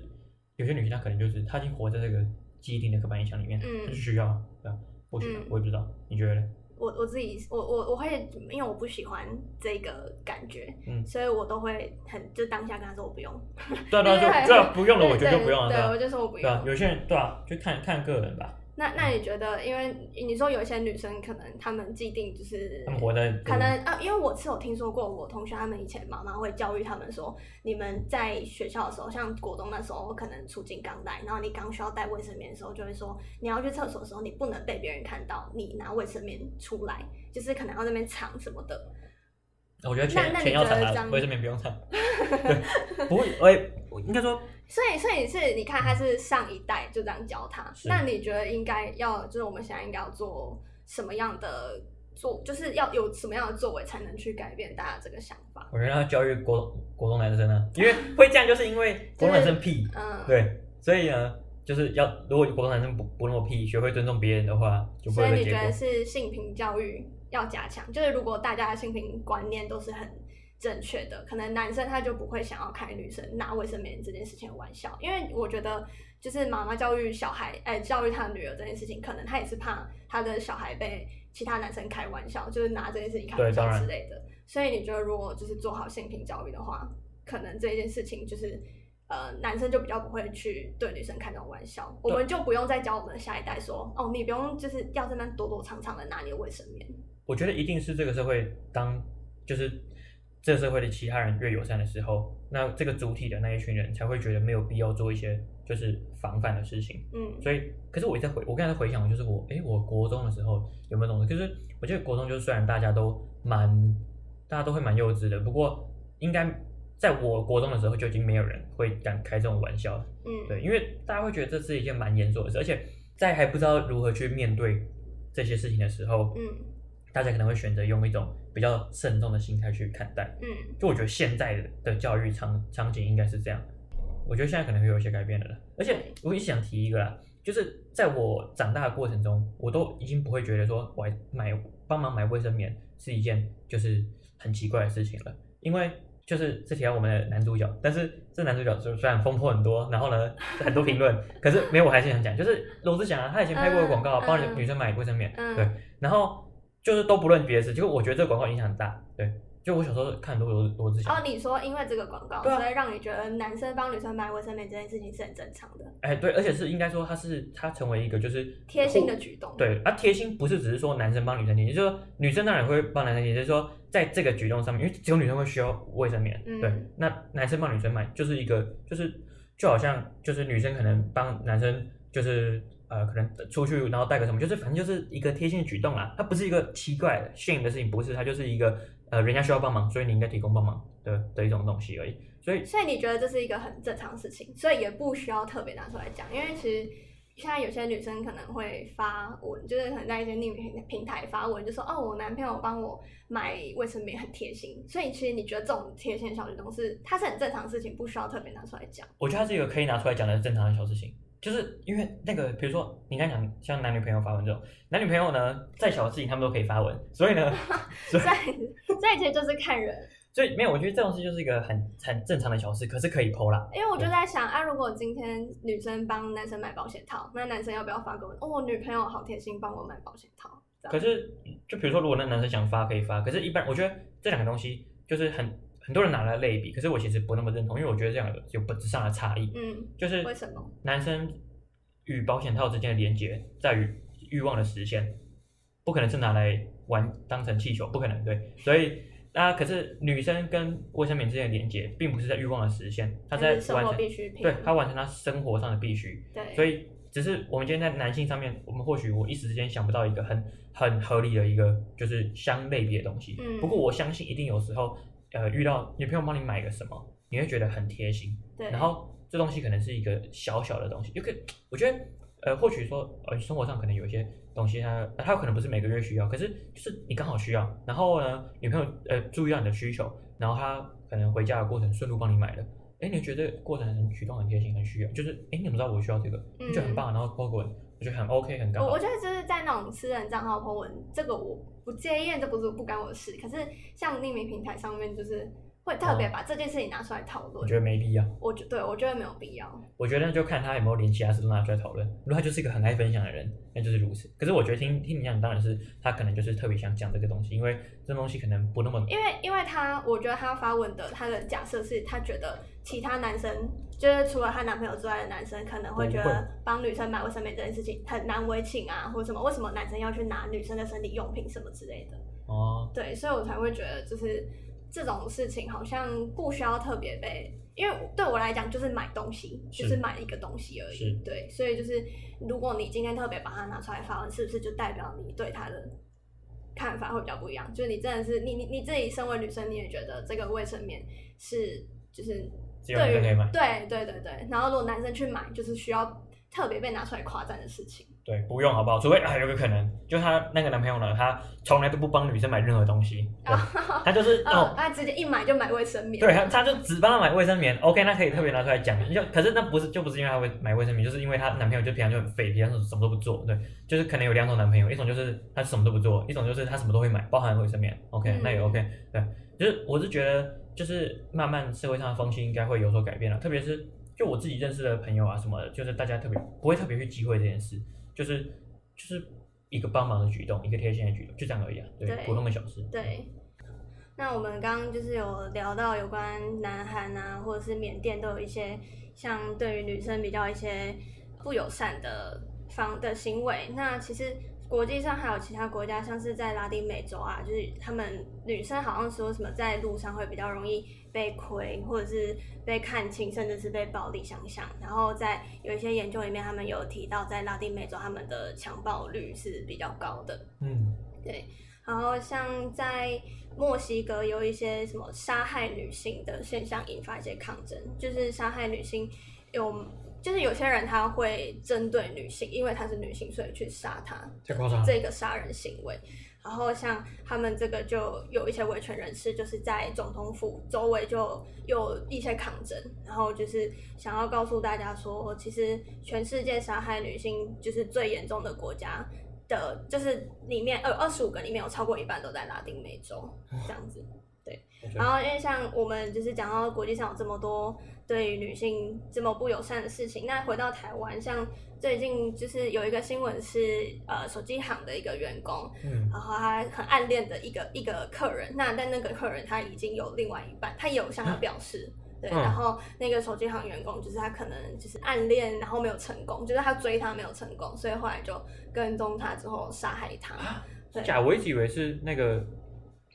有些女性她可能就是，她已經活在這個既定的刻板印象裡面，嗯，她就需要，對吧、啊、我覺得，我也不知道，嗯，你覺得呢？我我自己，我我我發現，因為我不喜歡這個感覺，嗯，所以我都會很就當下跟她說我不用。對啊，對啊，就對啊，不用了，對對對，我覺得就不用了。對，對，吧？對，我就說我不用。對啊，有些人對啊，就看看個人吧。那那你覺得，因為你說有一些女生，可能她們既定就是可能、嗯、我的，可能啊，因為我是有聽說過，我同學她們以前媽媽會教育她們說，你們在學校的時候，像國中那時候可能初經剛來，然後你剛需要帶衛生棉的時候，就會說你要去廁所的時候，你不能被別人看到你拿衛生棉出來，就是可能要那邊藏什麼的。那那你覺得這樣，衛生棉不用藏。 不會，哎，我應該說。所以，所以是，你看他是上一代就這樣教他。是那你覺得應該要，就是我們現在應該要做什麼樣的作，就是要有什麼樣的作為才能去改變大家這個想法？我覺得要教育國國中男生啊，因為會這樣，就是因為國中男生屁，就是、嗯，對，所以呢、呃，就是要如果國中男生不不那麼屁，學會尊重別人的話，就不會這樣。所以你覺得是性平教育要加強，就是如果大家的性平觀念都是很。正確的，可能男生他就不會想要開女生拿衛生棉這件事情的玩笑，因為我覺得就是媽媽教育小孩，哎、欸，教育他的女兒這件事情，可能他也是怕他的小孩被其他男生開玩笑，就是拿這件事情開玩笑之類的。所以你覺得如果就是做好性平教育的話，可能這一件事情就是呃，男生就比較不會去對女生開這種玩笑，對我們就不用再教我們下一代說，哦，你不用就是要這樣躲躲藏藏的拿你的衛生棉。我覺得一定是這個社會當就是。這個社會的其他人越友善的時候，那這個主體的那一群人才會覺得沒有必要做一些就是防範的事情。嗯，所以可是我一直在回，我剛才在回想，就是我哎，我國中的時候有沒有那種？可是我覺得國中就是雖然大家都蠻，大家都會蠻幼稚的，不過應該在我國中的時候就已經沒有人會敢開這種玩笑了。嗯，對，因為大家會覺得這是一件蠻嚴重的事，而且在還不知道如何去面對這些事情的時候。嗯。大家可能會選擇用一種比較慎重的心態去看待，嗯，就我覺得現在的教育場場景應該是這樣，我覺得現在可能會有一些改變了了，而且我也想提一個啦，就是在我長大的過程中，我都已經不會覺得說我買幫忙買衛生棉是一件就是很奇怪的事情了，因為就是之前我們的男主角，但是這男主角就雖然風波很多，然後呢 很多評論，可是沒有我還是想講，就是羅志祥啊，他以前拍過的廣告，幫、嗯、女生買衛生棉，嗯、對，然後。就是都不論別的事，就是我覺得這個廣告影響很大。對，就我小時候看很多，多，多我之前哦，你說因為這個廣告，啊、所以讓你覺得男生幫女生買衛生棉這件事情是很正常的。哎、欸，對，而且是應該說它是它成為一個就是貼心的舉動。對，而、啊、貼心不是只是說男生幫女生貼心，就是、說女生當然會幫男生貼心，就是、說在這個舉動上面，因為只有女生會需要衛生棉。嗯、對，那男生幫女生買就是一個就是就好像就是女生可能幫男生就是。呃，可能出去然後帶個什麼，就是反正就是一個貼心的舉動啦，它不是一個奇怪的、shame 的事情，不是，它就是一個呃，人家需要幫忙，所以你應該提供幫忙的的一種東西而已。所以，所以你覺得這是一個很正常的事情，所以也不需要特別拿出來講，因為其實現在有些女生可能會發文，就是可能在一些匿名平台發文，就說哦，我男朋友幫我買衛生棉很貼心。所以，其實你覺得這種貼心的小舉動是它是很正常的事情，不需要特別拿出來講。我覺得它是一個可以拿出來講的正常的小事情。就是因為那個，比如說你剛講像男女朋友發文這種，男女朋友呢，再小的事情他們都可以發文， 所以呢，再再一，就是看人，所以沒有，我覺得這種事就是一個很很正常的小事，可是可以 po 啦。因為我就在想對啊，如果今天女生幫男生買保險套，那男生要不要發個文？哦，我女朋友好貼心，幫我買保險套。可是就比如說，如果那男生想發可以發，可是一般我覺得這兩個東西就是很。很多人拿來類比，可是我其實不那麼認同，因為我覺得這樣有本質上的差異。嗯，就是為什麼男生與保險套之間的連接在於欲望的實現，不可能是拿來玩當成氣球，不可能，對。所以啊，可是女生跟衛生棉之間的連接，並不是在欲望的實現，她在完成生活必需品。對，她完成她生活上的必須。對，所以只是我們今天在男性上面，我們或許我一時之間想不到一個很很合理的一個就是相類比的東西。嗯，不過我相信一定有時候。呃，遇到女朋友幫你買個什麼，你會覺得很貼心。對然後這東西可能是一個小小的東西，就對可以。我覺得，呃，或許說，呃，生活上可能有一些東西它，他他可能不是每個月需要，可是就是你剛好需要。然後呢，女朋友呃注意到你的需求，然後他可能回家的過程順路幫你買的。哎，你覺得過程很舉動很貼心，很需要，就是哎，你怎麼知道我需要這個？就很棒。然後包括。嗯我覺得很 OK，很高。我覺得就是在那種私人賬號發文，這個我不介意，這不是不干我的事。可是像匿名平台上面，就是。會特別把這件事情拿出來討論，我、哦、覺得沒必要。我覺對我覺得沒有必要。我覺得就看他有沒有連其他事都拿出來討論。如果他就是一個很愛分享的人，那就是如此。可是我覺得聽聽你講，當然是他可能就是特別想講這個東西，因為這東西可能不那麼……因為因為他，我覺得他發文的他的假設是，他覺得其他男生就是除了他男朋友之外的男生，可能會覺得幫女生買衛生棉這件事情很難為情啊，或什麼？為什麼男生要去拿女生的生理用品什麼之類的？哦，對，所以我才會覺得就是。這種事情好像不需要特別被，因為對我來講就是買東西，是就是買一個東西而已，是對，所以就是如果你今天特別把它拿出來發文，是不是就代表你對它的看法會比較不一樣？就是你真的是你你你自己身為女生，你也覺得這個衛生棉是就是對於，對對對對，然後如果男生去買，就是需要特別被拿出來誇讚的事情。對，不用好不好？除非啊，有個可能，就她那個男朋友呢，他從來都不幫女生買任何東西，對哦、他就是哦，哦他直接一買就買衛生棉，對，他他就只幫她買衛生棉。 OK，那可以特別拿出來講一下。可是那不是就不是因為她會買衛生棉，就是因為她男朋友就平常就很廢，平常什麼什麼都不做，對，就是可能有兩種男朋友，一種就是他什麼都不做，一種就是他什麼都會買，包含衛生棉。嗯、OK，那也 OK，對，就是我是覺得就是慢慢社會上的風氣應該會有所改變了，特別是就我自己認識的朋友啊什麼的，就是大家特別不會特別去忌諱這件事。就是就是一個幫忙的舉動，一個貼心的舉動，就這樣而已啊，對，對普通的小事。對，對那我們剛剛就是有聊到有關南韓啊，或者是緬甸都有一些像對於女生比較一些不友善的方的行為，那其實。國際上還有其他國家，像是在拉丁美洲啊，就是他們女生好像說什麼在路上會比較容易被虧，或者是被看輕，甚至是被暴力相向。然後在有一些研究裡面，他們有提到在拉丁美洲，他們的強暴率是比較高的。嗯，對。然後像在墨西哥，有一些什麼殺害女性的現象，引發一些抗爭，就是殺害女性有，就是有些人他會針對女性，因為她是女性，所以去殺她。太誇張！這個殺人行為，然後像他們這個就有一些維權人士，就是在總統府周圍就有一些抗爭，然後就是想要告訴大家說，其實全世界殺害女性就是最嚴重的國家的，就是裡面呃二十五個裡面有超過一半都在拉丁美洲、哦、這樣子。對，然後因為像我們就是講到國際上有這麼多對於女性這麼不友善的事情，那回到台灣，像最近就是有一個新聞是，呃，手機行的一個員工，嗯，然後他很暗戀的一個一個客人，那但那個客人他已經有另外一半，他有向他表示，啊、對，嗯、然後那個手機行員工就是他可能就是暗戀，然後沒有成功，就是他追他沒有成功，所以後來就跟蹤他之後殺害他。啊、對，假，我一直以為是那個。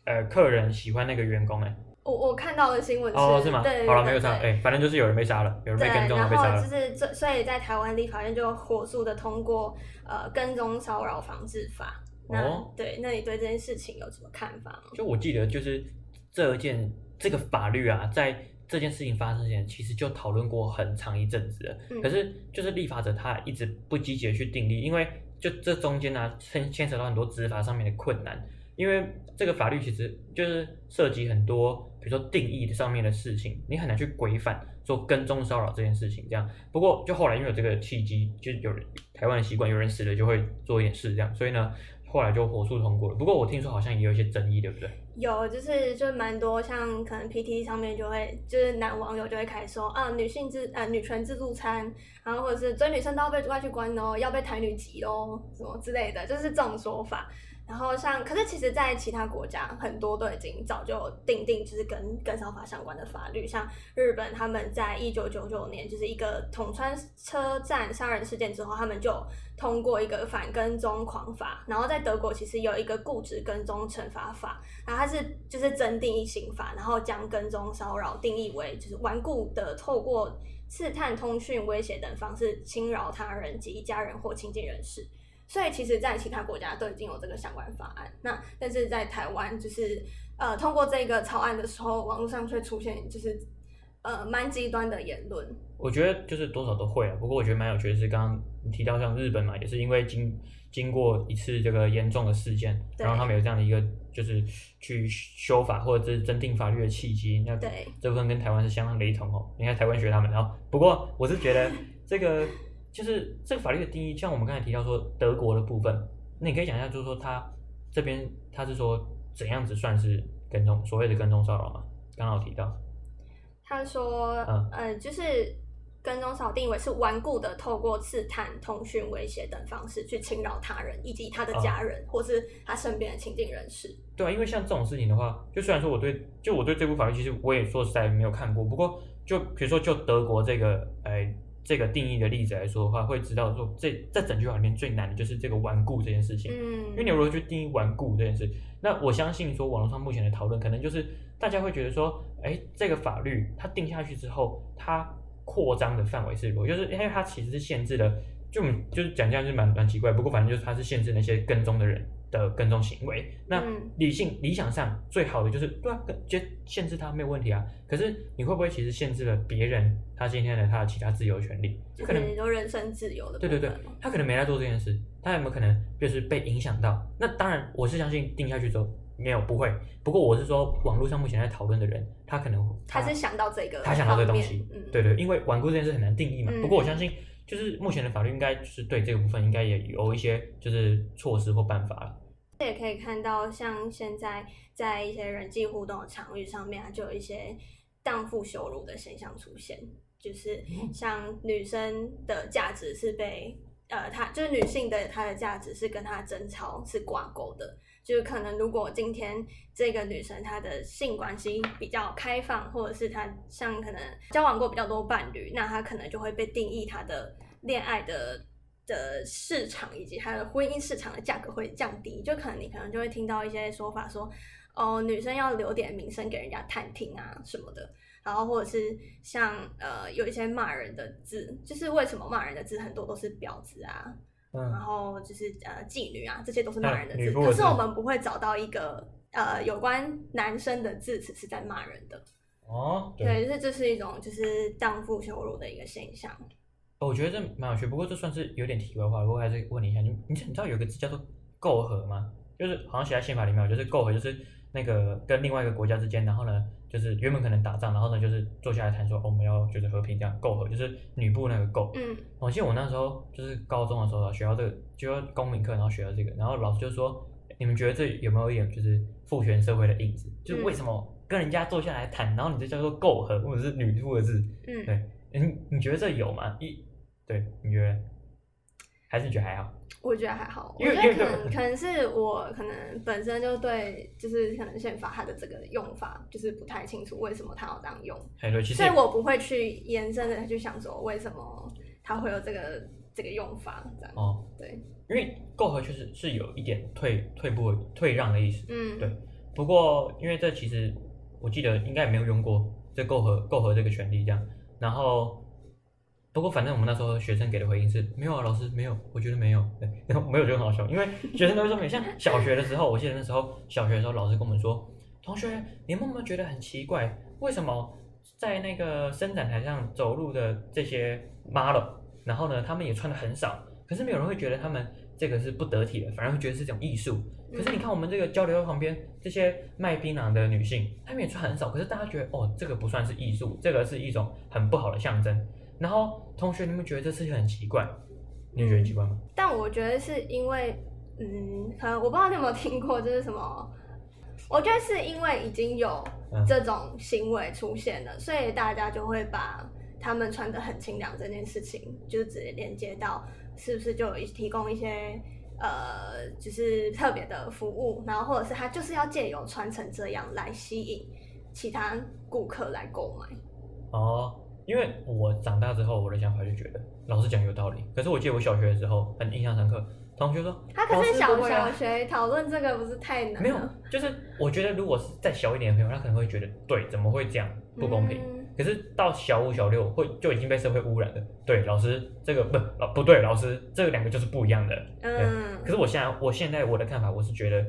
呃，客人喜歡那個員工哎、欸，我我看到的新聞是、哦、是嗎？對好了啦，沒有他、欸、反正就是有人被殺了，有人被跟蹤，對了。然後就是這，所以在台灣立法院就火速的通過呃跟蹤騷擾防治法。那哦，對，那你對這件事情有什麼看法？就我記得就是這件這個法律啊，嗯、在這件事情發生之前，其實就討論過很長一陣子了。嗯、可是就是立法者他一直不積極地去訂立，因為就這中間呢、啊、牽牽扯到很多執法上面的困難。因為這個法律其實就是涉及很多，比如說定義上面的事情，你很難去規範做跟蹤騷擾這件事情。這樣，不過就後來因為有這個契機，就有人台灣的習慣，有人死了就會做一點事這樣，所以呢，後來就火速通過了。不過我聽說好像也有一些爭議，對不對？有，就是就蠻多，像可能 PT 上面就會，就是男網友就會開始說啊，女性自呃、啊，女權自助餐，然後或者是追女生都要被抓去關哦，要被台女擠哦，什麼之類的，就是這種說法。然後像，可是其實，在其他國家，很多都已經早就訂定，就是跟跟騷法相關的法律。像日本，他們在一九九九年就是一個桶川車站殺人事件之後，他們就通過一個反跟蹤狂法。然後在德國，其實有一個固執跟蹤懲罰法，然後它是就是增訂於刑法，然後將跟蹤騷擾定義為就是頑固的透過刺探通訊、威脅等方式侵擾他人及一家人或親近人士。所以其實，在其他國家都已經有這個相關法案，那但是在台灣，就是呃通過這個草案的時候，網絡上卻出現就是呃蠻極端的言論。我覺得就是多少都會啊，不過我覺得蠻有趣的是，剛剛你提到像日本嘛，也是因為經經過一次這個嚴重的事件，對然後他們有這樣的一個就是去修法或者是增訂法律的契機。那這部分跟台灣是相當雷同哦、喔，你看台灣學他們啊。然後不過我是覺得這個。 就是這個法律的定義，像我們剛才提到說德國的部分，那你可以講一下，就是說他這邊他是說怎樣子算是跟蹤，所謂的跟蹤騷擾嘛？剛好提到，他說，嗯、呃、就是跟蹤騷擾定義是頑固地透過刺探、通訊威脅等方式去侵擾他人以及他的家人、嗯、或是他身邊的親近人士。對啊，因為像這種事情的話，就雖然說我對就我對這部法律其實我也說實在沒有看過，不過就比如說就德國這個，哎、呃。這個定義的例子來說的話，會知道說這，這這整句話裡面最難的就是這個頑固這件事情。嗯，因為你如果去定義頑固這件事，那我相信說網絡上目前的討論，可能就是大家會覺得說，哎，這個法律它定下去之後，它擴張的範圍是如何，就是因為它其實是限制了，就就是講這樣就蠻蠻奇怪。不過反正就是它是限制那些跟蹤的人。的跟蹤行為，那理性、嗯、理想上最好的就是對啊，限限制他沒有問題啊。可是你會不會其實限制了別人他今天的他的其他自由權利？就可能,可能都人身自由的。對對對，他可能沒在做這件事，他有沒有可能就是被影響到？那當然，我是相信定下去之後沒有不會。不過我是說，網絡上目前在討論的人，他可能他,他是想到這個，他想到這個東西，嗯、對,對對，因為頑固這件事很難定義嘛。嗯、不過我相信。就是目前的法律，應該就是對這個部分應該也有一些就是措施或辦法了。這也可以看到，像現在在一些人際互動的場域上面、啊，就有一些蕩婦羞辱的現象出現，就是像女生的價值是被、嗯、呃，她就是女性的她的價值是跟她爭吵是掛鈎的。就是可能，如果今天這個女生她的性關係比較開放，或者是她像可能交往過比較多伴侶，那她可能就會被定義她的戀愛的的市場以及她的婚姻市場的價格會降低。就可能你可能就會聽到一些說法說，哦，女生要留點名聲給人家探聽啊什麼的，然後或者是像呃有一些罵人的字，就是為什麼罵人的字很多都是婊子啊？嗯、然後就是呃妓女啊，這些都是罵人的字，字可是我們不會找到一個呃有關男生的字詞是在罵人的。哦，對，對這這是一種就是蕩婦羞辱的一個現象。哦、我覺得這蠻有趣，不過這算是有點題外話。不過還是問你一下，你你知道有個字叫做“媾和嗎？就是好像寫在憲法裡面，我覺得就是“媾和，就是。那個跟另外一個國家之間，然後呢，就是原本可能打仗，然後呢，就是坐下來談說，哦、我們要就是和平這樣媾和，就是女部那個媾。嗯。我記得我那時候就是高中的時候學到這個，就要公民課，然後學到這個，然後老師就說，你們覺得這有沒有一點就是父權社會的影子？嗯、就是為什麼跟人家坐下來談，然後你這叫做媾和，或者是女部的字？嗯。對，你你覺得這有嗎？一，對，你覺得？還是覺得還好，我覺得還好，因為，因為我覺得可能可能是我可能本身就對就是可能憲法它的這個用法就是不太清楚為什麼它要這樣用，對，其實，所以，我不會去延伸的去想說為什麼它會有這個這個用法這樣，哦，對，因為媾和確實，就是，是有一點退退步退讓的意思，嗯，對，不過因為這其實我記得應該也沒有用過這媾和媾和這個權利這樣，然後。不過反正我們那時候學生給的回應是沒有啊，老師沒有，我覺得沒有，對，沒有就很好笑，因為學生都會說沒有。像小學的時候，我記得那時候小學的時候，老師跟我們說：“同學，你有沒有覺得很奇怪？為什麼在那個伸展台上走路的這些 model，然後呢，他們也穿的很少，可是沒有人會覺得他們這個是不得體的，反而會覺得是這種藝術？可是你看我們這個交流旁邊這些賣檳榔的女性，她們也穿很少，可是大家覺得哦，這個不算是藝術，這個是一種很不好的象徵。”然後，同學，你們覺得這事情很奇怪，你覺得很奇怪嗎？但我覺得是因為，嗯，可能我不知道你有沒有聽過，這、就是什麼？我覺得是因為已經有這種行為出現了，嗯、所以大家就會把他們穿的很清涼這件事情，就是直接連接到是不是就有提供一些呃，就是特別的服務，然後或者是他就是要借由穿成這樣來吸引其他顧客來購買。哦。因為我長大之後，我的想法就覺得老師講有道理。可是我記得我小學的時候很印象深刻，同學說他可是小、小小學討論這個不是太難。沒有，就是我覺得如果再小一點的朋友，他可能會覺得對，怎麼會這樣不公平？嗯、可是到小五、小六會就已經被社會污染了。對，老師這個不老不對，老師這兩個就是不一樣的。嗯。可是我現在我現在我的看法，我是覺得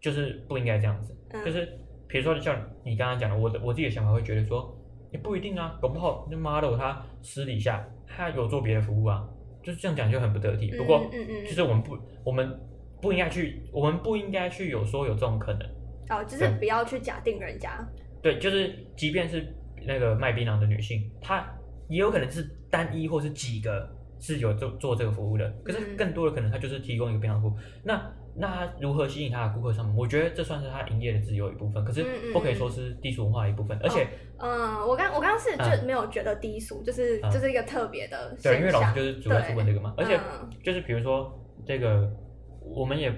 就是不應該這樣子。嗯、就是比如說像你剛剛講的，我的我自己的想法會覺得說，也不一定啊，搞不好那 model 他私底下他有做別的服務啊，就是這樣講就很不得體。不過，嗯嗯嗯、就是我們不，我們不應該去，我們不應該去有說有這種可能。哦，就是不要去假定人家、嗯。對，就是即便是那個賣檳榔的女性，她也有可能是單一或是幾個是有做做這個服務的，可是更多的可能她就是提供一個檳榔服務。那那他如何吸引他的顧客上門，我覺得這算是他營業的自由一部分，可是不可以說是低俗文化的一部分。而且，我剛我剛剛是就沒有覺得低俗，就是、嗯、就是一個特別的。對，因為老師就是主要出問這個嘛，對而且就是比如說、嗯、這個，我們也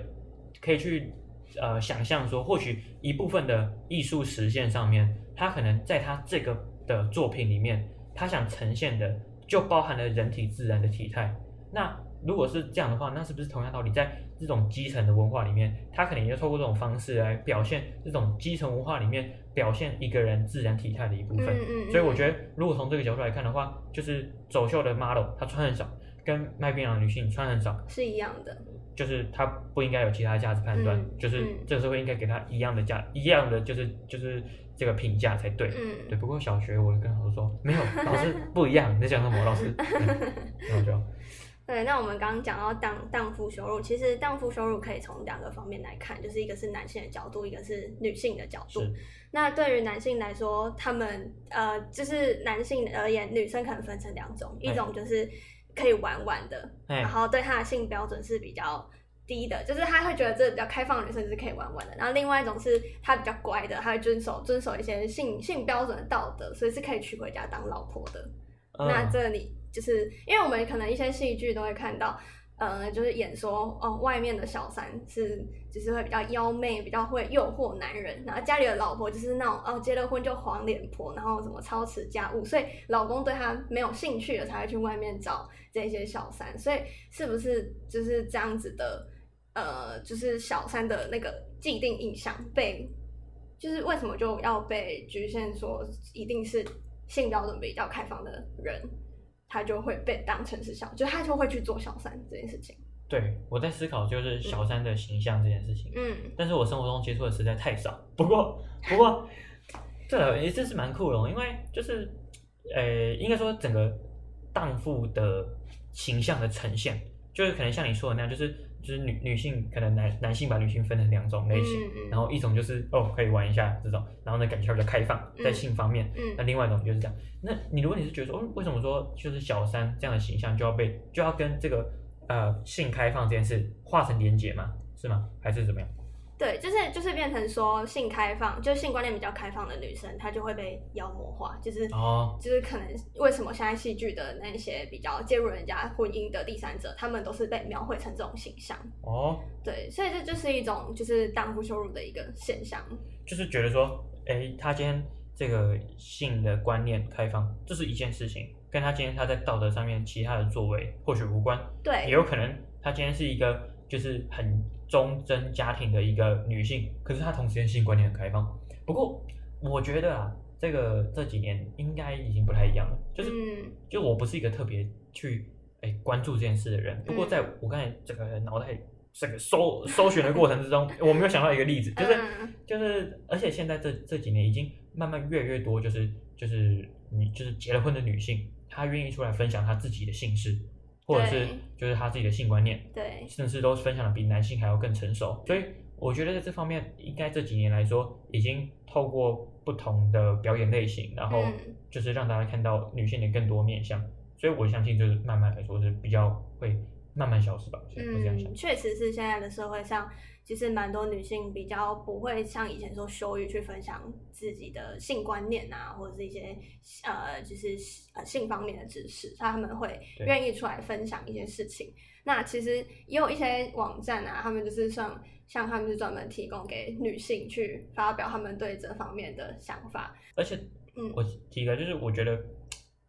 可以去呃想象說，或許一部分的藝術實現上面，他可能在他這個的作品裡面，他想呈現的就包含了人體自然的體態，那。如果是這樣的話，那是不是同樣道理？在這種基層的文化裡面，他可能也要透過這種方式來表現這種基層文化裡面表現一個人自然體態的一部分。嗯嗯、所以我覺得，如果從這個角度來看的話，就是走秀的 model 他穿很少，跟賣檳榔女性穿很少是一樣的。就是他不應該有其他價值判斷，嗯、就是這個社會應該給他一樣的價，一樣的就是就是這個評價才對。嗯、對，不過小學我跟老師說，沒有老師不一樣，你在講什麼老師？然、嗯、後就。對，那我們剛剛講到蕩蕩婦羞辱，其實蕩婦羞辱可以從兩個方面來看，就是一個是男性的角度，一個是女性的角度。是那對於男性來說，他們呃，就是男性而言，女生可能分成兩種，一種就是可以玩玩的，欸、然後對他的性標準是比較低的，欸、就是他會覺得這比較開放的女生是可以玩玩的。然後另外一種是她比較乖的，她會遵守遵守一些性性標準的道德，所以是可以娶回家當老婆的。嗯、那這裡。就是因為我們可能一些戲劇都會看到，呃，就是演說哦，外面的小三是就是會比較妖媚，比較會誘惑男人，然後家裡的老婆就是那種哦，結了婚就黃臉婆，然後怎麼操持家務，所以老公對她沒有興趣了，才會去外面找這些小三。所以是不是就是這樣子的？呃，就是小三的那個既定印象被，就是為什麼就要被局限說一定是性標準比較開放的人？他就會被當成是小，就是，他就會去做小三這件事情。對，我在思考就是小三的形象這件事情。嗯，但是我生活中接觸的實在太少。不過，不過， 對，也真是蠻酷的，哦，因為就是，呃，應該說整個蕩婦的形象的呈現，就是可能像你說的那樣，就是。就是女女性可能男男性把女性分成兩種類型，嗯嗯嗯，然後一種就是哦，可以玩一下這種，然後呢感覺比較開放，在性方面，嗯嗯，那另外一種就是這樣。那你如果你是覺得說，哦，為什麼說就是小三這樣的形象就要被就要跟這個呃性開放這件事化成連結嗎？是嗎？還是怎麼樣？對，就是就是變成說性開放，就是性觀念比較開放的女生，她就會被妖魔化，就是、哦、就是可能為什麼現在戲劇的那些比較介入人家婚姻的第三者，他們都是被描繪成這種形象。哦，對，所以這就是一種就是蕩婦羞辱的一個現象，就是覺得說，哎、欸，他今天這個性的觀念開放，這、就是一件事情，跟他今天他在道德上面其他的作為或許無關，對，也有可能他今天是一個就是很。忠貞家庭的一個女性，可是她同時間性觀念很開放。不過，我覺得啊，這個這幾年應該已經不太一樣了。嗯、就是，就我不是一個特別去哎關注這件事的人。嗯、不過，在我剛才這個腦袋這個搜搜尋的過程之中， 我沒有想到一個例子，就是、嗯、就是，而且現在這這幾年已經慢慢越越多、就是，就是就是，你就是結了婚的女性，她願意出來分享她自己的性事，或者是。就是他自己的性觀念，對，甚至都分享的比男性還要更成熟，所以我覺得在這方面，應該這幾年來說，已經透過不同的表演類型，然後就是讓大家看到女性的更多面向，所以我相信就是慢慢來說是比較會慢慢消失吧。所以會這樣想。嗯，確實是現在的社會上。其實蠻多女性比較不會像以前說羞於去分享自己的性觀念啊，或者是一些呃，就是呃性方面的知識，她他們會願意出來分享一些事情。對那其實也有一些網站啊，他們就是像像他們是專門提供給女性去發表他們對這方面的想法。而且，嗯，我提一個就是我覺得，嗯、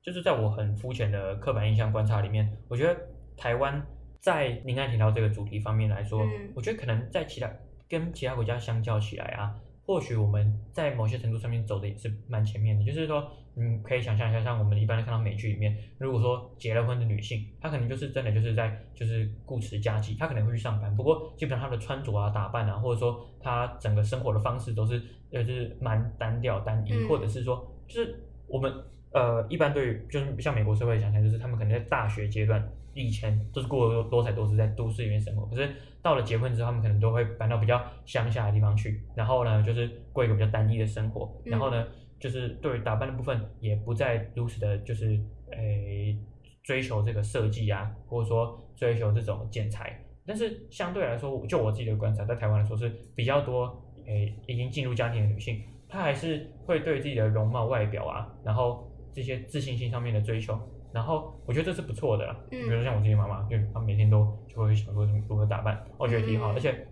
就是在我很膚淺的刻板印象觀察裡面，我覺得台灣。在您剛才提到這個主題方面來說，嗯、我覺得可能在其他跟其他國家相較起來啊，或許我們在某些程度上面走得也是蠻前面的。就是說，你、嗯、可以想象一下，像我們一般的看到美劇裡面，如果說結了婚的女性，她可能就是真的就是在就是顧持家計，她可能會去上班，不過基本上她的穿着啊、打扮啊，或者說她整個生活的方式都是呃就是蠻單調單一，嗯、或者是說就是我們。呃，一般對於就是像美國社會的想象，就是他們可能在大學階段以前都是過得多才多姿，在都市裡面生活。可是到了結婚之後，他們可能都會搬到比較鄉下的地方去，然後呢，就是過一個比較單一的生活。然後呢，就是對於打扮的部分，也不再如此的，就是誒、哎、追求這個設計啊，或者說追求這種剪裁。但是相對來說，就我自己的觀察，在台灣來說是比較多誒、哎，已經進入家庭的女性，她還是會對自己的容貌、外表啊，然後。這些自信心上面的追求，然後我覺得這是不錯的。嗯。比如說像我自己媽媽，就她每天都就會想說怎麼，如何打扮，我覺得挺好。而且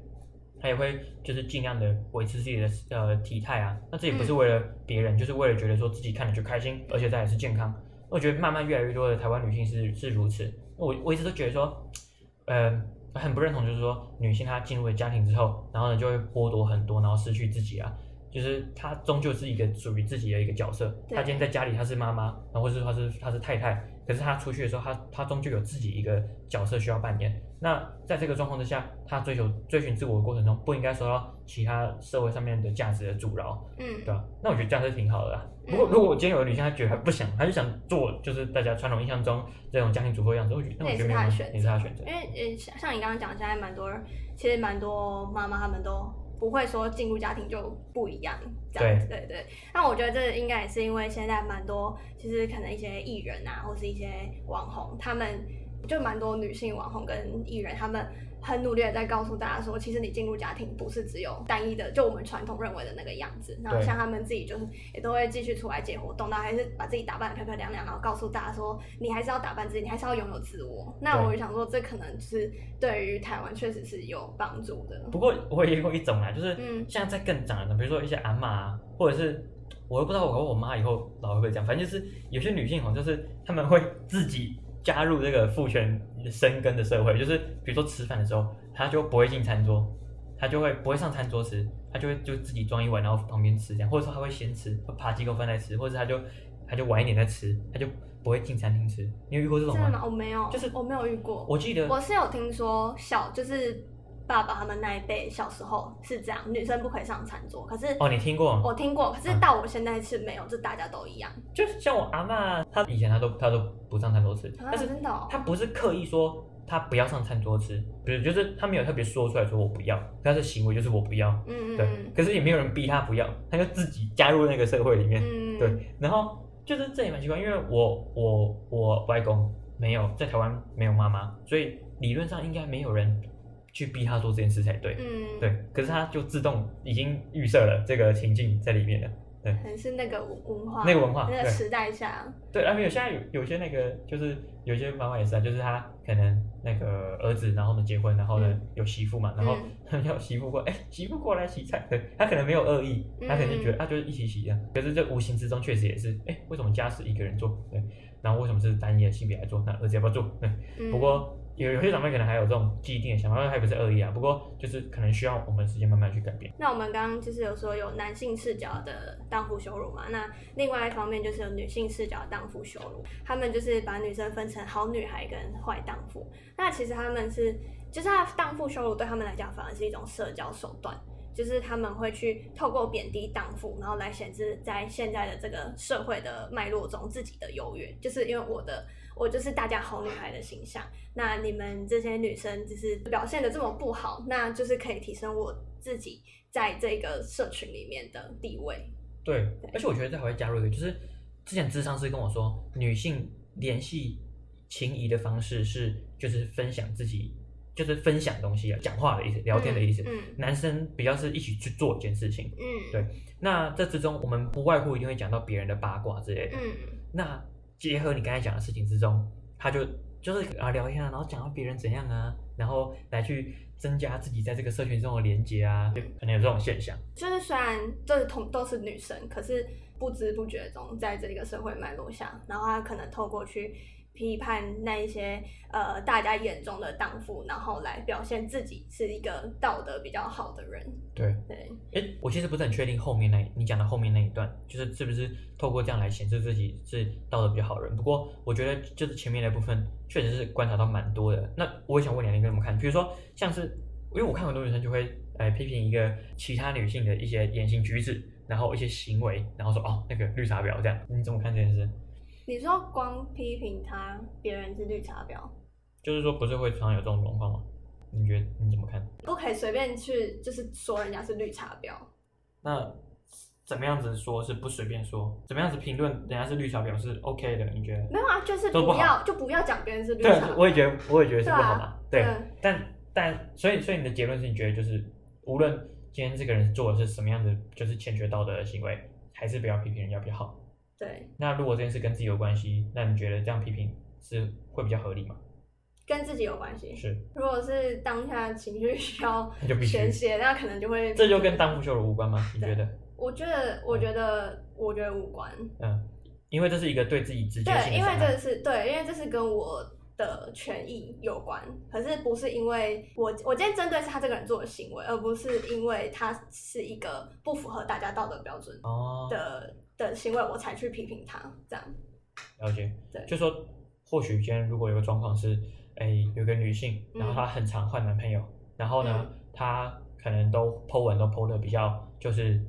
她也會就是盡量的維持自己的呃體態啊。那這也不是為了別人，嗯、就是為了覺得說自己看著就開心，而且她也是健康。我覺得慢慢越來越多的台灣女性是是如此。我我一直都覺得說，呃，很不認同，就是說女性她進入了家庭之後，然後呢就會剝奪很多，然後失去自己啊。就是她終究是一個屬於自己的一個角色。對。她今天在家裡，她是媽媽，然後或者說她是她是太太。可是她出去的時候，她她終究有自己一個角色需要扮演。那在這個狀況之下，她追求追尋自我的過程中，不應該受到其他社會上面的價值的阻撓。嗯。對吧？那我覺得這樣是挺好的啦。嗯。不過如果我今天有個女生，她覺得她不想，她就想做，就是大家傳統印象中這種家庭主婦樣子，我覺得那我覺得沒有，你是她選擇。因為像像你剛剛講，現在蠻多，其實蠻多媽媽他們都。不會說進入家庭就不一樣，這樣子，對，對對。那我覺得這應該也是因為現在蠻多，其實可能一些藝人啊，或是一些網紅，他們就蠻多女性網紅跟藝人，他們。很努力的在告訴大家說，其實你進入家庭不是只有單一的，就我們傳統認為的那個樣子。然後像他們自己，就是也都會繼續出來接活動，那還是把自己打扮得漂漂亮亮，然後告訴大家說，你還是要打扮自己，你還是要擁有自我。那我就想說，這可能是對於台灣確實是有幫助的。不過我也有過一種啦，就是嗯，現在在更長的，比如說一些阿嬤啊，或者是我也不知道我和我媽以後老會不會這樣，反正就是有些女性哈，就是他們會自己。加入這個父權生根的社會，就是比如說吃飯的時候，他就不會進餐桌，他就會不會上餐桌吃，他就會就自己裝一碗，然後旁邊吃這樣，或者說他會先吃，扒幾口飯再吃，或者他就他就晚一點再吃，他就不會進餐廳吃。你有遇過這種嗎？真的嗎？我沒有，就是我沒有遇過。我記得我是有聽說小就是，爸爸他們那一輩小時候是這樣，女生不可以上餐桌。可是哦，你聽過？我聽過，可是到我現在是沒有，嗯、就大家都一樣。就是像我阿嬤，她以前她都她都不上餐桌吃，啊、但是真的，啊、她不是刻意說她不要上餐桌吃，不是，就是她沒有特別說出來說我不要，但是行為就是我不要，嗯，嗯嗯，對。可是也沒有人逼她不要，她就自己加入那個社會裡面，嗯，對。然後就是這也蠻奇怪，因為我我我外公沒有在台灣，沒有媽媽，所以理論上應該沒有人。去逼他做這件事才對，嗯，對，可是他就自動已經預設了這個情境在裡面了，對，可能是那個文化，那個文化，對那個時代下，對，還、啊、沒有。現在有有些那個就是有些媽媽也是啊，就是他可能那個兒子，然後呢結婚，然後呢、嗯、有媳婦嘛，然後要媳婦過，哎、嗯欸，媳婦過來洗菜，對，他可能沒有惡意，嗯、他可能覺得他就是一起洗啊。嗯、可是這無形之中確實也是，哎、欸，為什麼家事一個人做，對，然後為什麼是單一的性別來做，那兒子要不要做，對、嗯，嗯、不過。有有些長輩可能還有這種既定的想法，那還不是惡意啊。不過就是可能需要我們時間慢慢去改變。那我們剛剛就是有說有男性視角的蕩婦羞辱嘛，那另外一方面就是有女性視角的蕩婦羞辱，他們就是把女生分成好女孩跟壞蕩婦。那其實他們是，就是他蕩婦羞辱對他們來講反而是一種社交手段，就是他們會去透過貶低蕩婦，然後來顯示在現在的這個社會的脈絡中自己的優越，就是因為我的。我就是大家好女孩的形象。那你們這些女生就是表現得這麼不好，那就是可以提升我自己在這個社群裡面的地位。對，對而且我覺得這還會加入一個，就是之前諮商師跟我說，女性聯繫情誼的方式是，就是分享自己，就是分享東西啊，講話的意思，聊天的意思。嗯。嗯男生比較是一起去做一件事情。嗯。對。那這之中，我們不外乎一定會講到別人的八卦之類的。嗯。那。結合你剛才講的事情之中，他就就是啊聊天啊，然後講到別人怎樣啊，然後來去增加自己在這個社群中的連接啊，可能有這種現象。就是雖然就是同都是女生，可是不知不覺中在這個社會脈絡下，然後她可能透過去。批判那一些呃大家眼中的蕩婦，然後來表現自己是一個道德比較好的人。對對，哎對，我其實不是很確定後面那一，你講的後面那一段，就是是不是透過這樣來顯示自己是道德比較好的人。不過我覺得就是前面的部分確實是觀察到蠻多的。那我也想問你，你該怎麼看？比如說像是，因為我看很多女生就會哎批評一個其他女性的一些言行舉止，然後一些行為，然後說哦那個綠茶婊這樣，你怎麼看這件事？你說光批評他，別人是綠茶婊，就是說不是會常常有這種狀況嗎？你覺得你怎麼看？不可以隨便去就是說人家是綠茶婊。那怎麼樣子說是不隨便說？怎麼樣子評論人家是綠茶婊是 OK 的？你覺得？沒有啊，就是不要是不就不要講別人是綠茶婊。對，我也覺得我也覺得是不好嘛，啊。 對，啊，對，對，但但，所以所以你的結論是，你覺得就是無論今天這個人做的是什麼樣子，就是欠缺道德的行為，還是不要批評人家比較好。對，那如果這件事跟自己有關係，那你覺得這樣批評是會比較合理嗎？跟自己有關係是，如果是當下情緒需要宣泄 須， 那可能就會這就跟蕩婦羞辱無關嗎？ 對你覺得？我覺得，對我覺得，我覺得無關。嗯，因為這是一個對自己自己。對，因為這是對，因為這是跟我的權益有關，可是不是因為我，我今天針對是他這個人做的行為，而不是因為他是一個不符合大家道德標準的、哦。的行為，我才去批評他。這樣，了解，對，就說，或許今天如果有個狀況是，哎，有個女性，然後她很常換男朋友，嗯、然後呢，她可能都 po 文都 po 得比較就是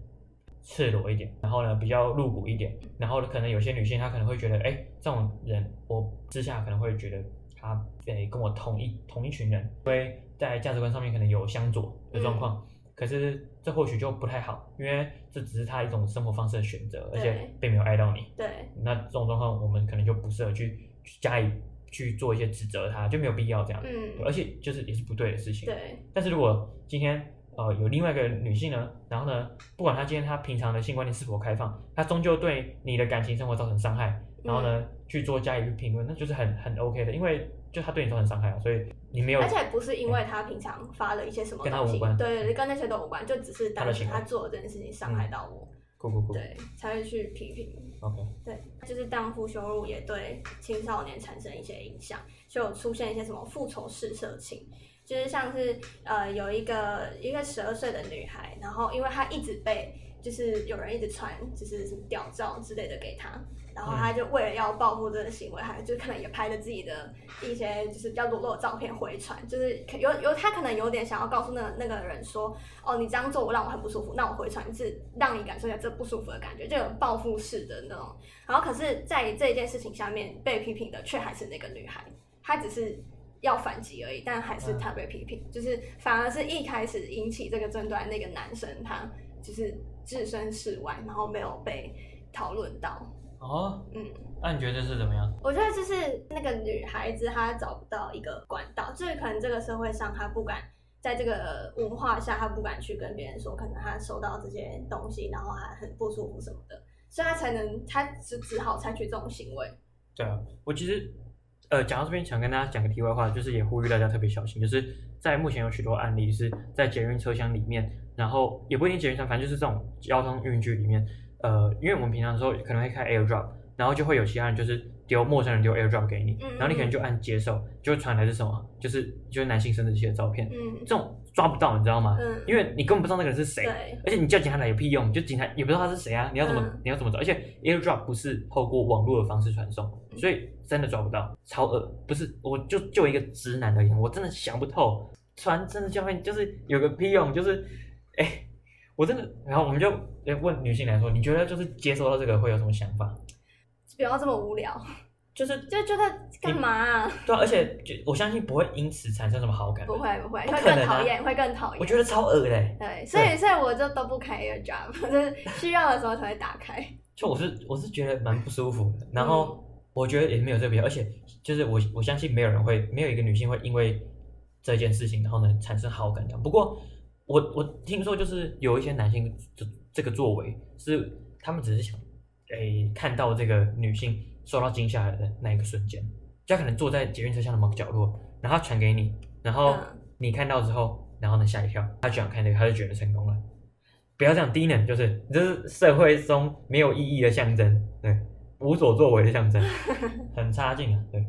赤裸一點，然後呢，比較露骨一點，然後可能有些女性她可能會覺得，哎，這種人，我私下可能會覺得她，哎，跟我同一同一群人，因為在價值觀上面可能有相左的狀況。嗯.可是這或許就不太好，因為這只是他一種生活方式的選擇，對而且並沒有礙到你。對，那這種狀況我們可能就不適合去加以去，去做一些指責他，他就沒有必要這樣。嗯。而且就是也是不對的事情。對。但是如果今天呃有另外一個女性呢，然後呢，不管她今天她平常的性觀念是否開放，她終究對你的感情生活造成傷害，嗯、然後呢去做加以去評論，那就是很很 OK 的，因為。就他對你都很傷害啊，所以你沒有，而且不是因為他平常發了一些什麼東西，跟他無關，對，跟那些都無關，就只是當他做的這件事情傷害到我，對，才會去批評。OK，、嗯、對，okay. 就是蕩婦羞辱也對青少年產生一些影響，就有出現一些什麼復仇式色情，就是像是呃有一個一個十二歲的女孩，然後因為她一直被就是有人一直傳就是什麼屌照之類的給她。然後他就為了要報復這個行為，還就可能也拍了自己的一些就是比較裸露的照片回傳，就是有有他可能有點想要告訴那個那個人說：“哦，你這樣做我讓我很不舒服，那我回傳是讓你感受一下這不舒服的感覺，就有報復式的那種。”然後可是，在這件事情下面被批評的卻還是那個女孩，她只是要反擊而已，但還是她被批評，就是反而是一開始引起這個爭端那個男生他就是置身事外，然後沒有被討論到。哦，嗯，那、啊、你覺得是怎麼樣？我覺得就是那個女孩子她找不到一個管道，就是可能這個社會上她不敢，在這個文化下她不敢去跟別人說，可能她收到這些東西，然後還很不舒服什麼的，所以她才能，她只只好採取這種行為。對啊，我其實呃講到這邊，想跟大家講個題外話，就是也呼籲大家特別小心，就是在目前有許多案例是在捷運車廂裡面，然後也不一定捷運車，反正就是這種交通運具裡面。呃，因為我們平常的時候可能會開 AirDrop，然後就會有其他人就是丟陌生人丟 AirDrop 給你，嗯嗯然後你可能就按接受，就傳來是什麼？就是就是男性生殖器的照片。嗯、這種抓不到，你知道嗎？嗯、因為你根本不知道那個人是誰，對而且你叫警察來有屁用？就警察也不知道他是誰啊，你要怎麼、嗯、你要怎麼找？而且 AirDrop 不是透過網絡的方式傳送，所以真的抓不到，超噁！不是，我就就一個直男的眼光，我真的想不透，傳真的照片就是有個屁用？就是哎。欸我真的，然後我們就問女性來說，你覺得就是接收到這個會有什麼想法？不要這麼無聊，就是就覺得幹嘛、啊？對、啊，而且就我相信不會因此產生什麼好感的。不會不會、啊，會更討厭，會更討厭。我覺得超噁嘞。對，對所以所以我就都不開一個 AirDrop，就是需要的時候才會打開。 就我是我是覺得蠻不舒服的，然後我覺得也沒有這個必要，而且就是我我相信沒有人會，沒有一個女性會因為這件事情然後呢產生好感的。不過。我我聽說就是有一些男性這這個作為是他們只是想誒、欸、看到這個女性受到驚嚇的那一個瞬間，就可能坐在捷運車廂的某個角落，然後傳給你，然後你看到之後，然後呢嚇一跳，他就想看這個，他就覺得成功了。不要這樣低能，就是，就是你這是社會中沒有意義的象徵，對，無所作為的象徵，很差勁啊，對。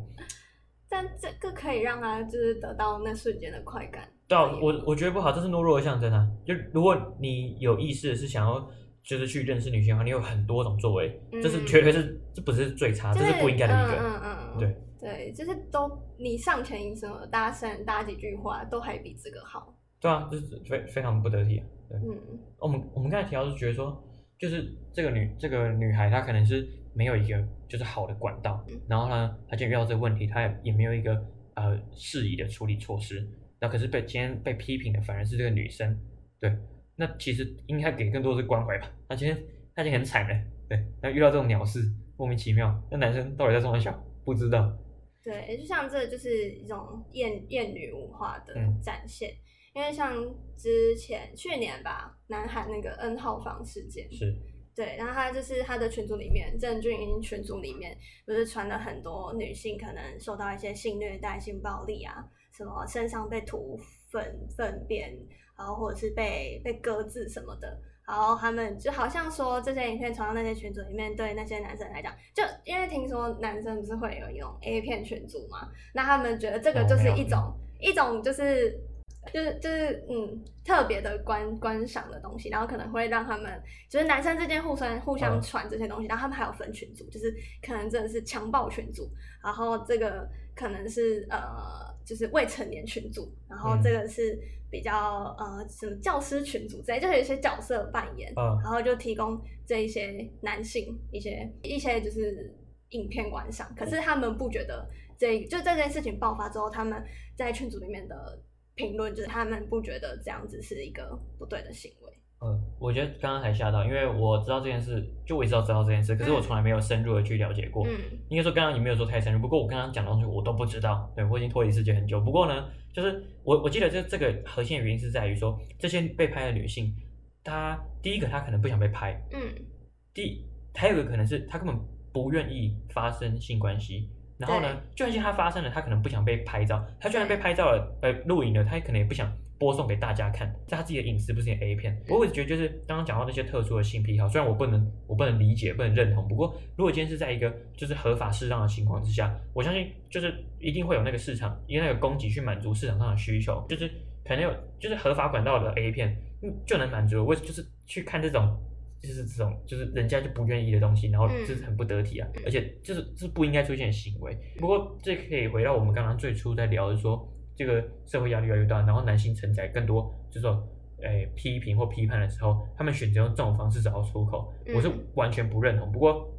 但這個可以讓他就是得到那瞬間的快感。對啊，我我覺得不好，這是懦弱的象徵啊！就如果你有意思是想要就是去認識女性的話，你有很多種作為，嗯、這是絕對是這不是最差，就是，這是不應該的一個。嗯嗯嗯，嗯嗯對。對，就是都你上前一步，搭訕搭幾句話，都還比這個好。對啊，就是非非常不得體啊。對，嗯我。我們我們剛才提到的是覺得說，就是這個女這個女孩她可能是。沒有一個就是好的管道，嗯、然後呢，他就遇到這個問題，他也也沒有一個呃適宜的處理措施。那可是被今天被批評的反而是這個女生，對，那其實應該給更多的關懷吧。那今天他已經很慘了，對，那遇到這種鳥事，莫名其妙，那男生到底在做什麼想？不知道。對，就像這就是一種厭厭女文化的展現，嗯、因為像之前去年吧，南韓那個 N 號房事件是。對，然後他就是他的群組裡面，鄭俊英群組裡面不、就是傳了很多女性可能受到一些性虐待、性暴力啊，什麼身上被塗粉、糞便，然後或者是被被割字什麼的，然後他們就好像說這些影片傳到那些群組裡面，對那些男生來講，就因為聽說男生不是會有一種 A 片群組嘛，那他們覺得這個就是一種沒有沒有一種就是。就，就是就是嗯，特別的觀觀賞的東西，然後可能會讓他們就是男生之間互相互相傳這些東西，啊、然後他們還有分群組，就是可能真的是強暴群組，然後這個可能是呃就是未成年群組，然後這個是比較呃什麼教師群組之類，就是一些角色扮演，啊、然後就提供這一些男性一些一些就是影片觀賞，可是他們不覺得這一就這件事情爆發之後，他們在群組裡面的。評論就是他們不覺得這樣子是一個不對的行為。嗯，我覺得剛剛才嚇到，因為我知道這件事，就我一直都知道這件事，可是我從來沒有深入的去了解過。嗯，應該說剛剛你沒有說太深入，不過我剛剛講的東西我都不知道，對，我已經脫離世界很久。不過呢，就是我我記得這這個核心的原因是在於說，這些被拍的女性，她第一個她可能不想被拍，嗯，第還有一個可能是她根本不願意發生性關係。然後呢，就算是他發生了，他可能不想被拍照，他居然被拍照了，對呃，錄影了，他可能也不想播送給大家看，這他自己的隱私，不是也 A 片？對我會覺得就是剛剛講到那些特殊的性癖好，雖然我不能，我不能理解，不能認同，不過如果今天是在一個就是合法適當的情況之下，我相信就是一定會有那個市場，因為那個供給去滿足市場上的需求，就是可能有，就是合法管道的 A 片，嗯，就能滿足為就是去看這種。就是這種，就是人家就不願意的東西，然後就是很不得體啊，嗯、而且就是、就是不應該出現的行為。不過這可以回到我們剛剛最初在聊的說，說這個社會壓力越來越大，然後男性承載更多，就是、說誒、哎、批評或批判的時候，他們選擇用這種方式找到出口，我是完全不認同。不過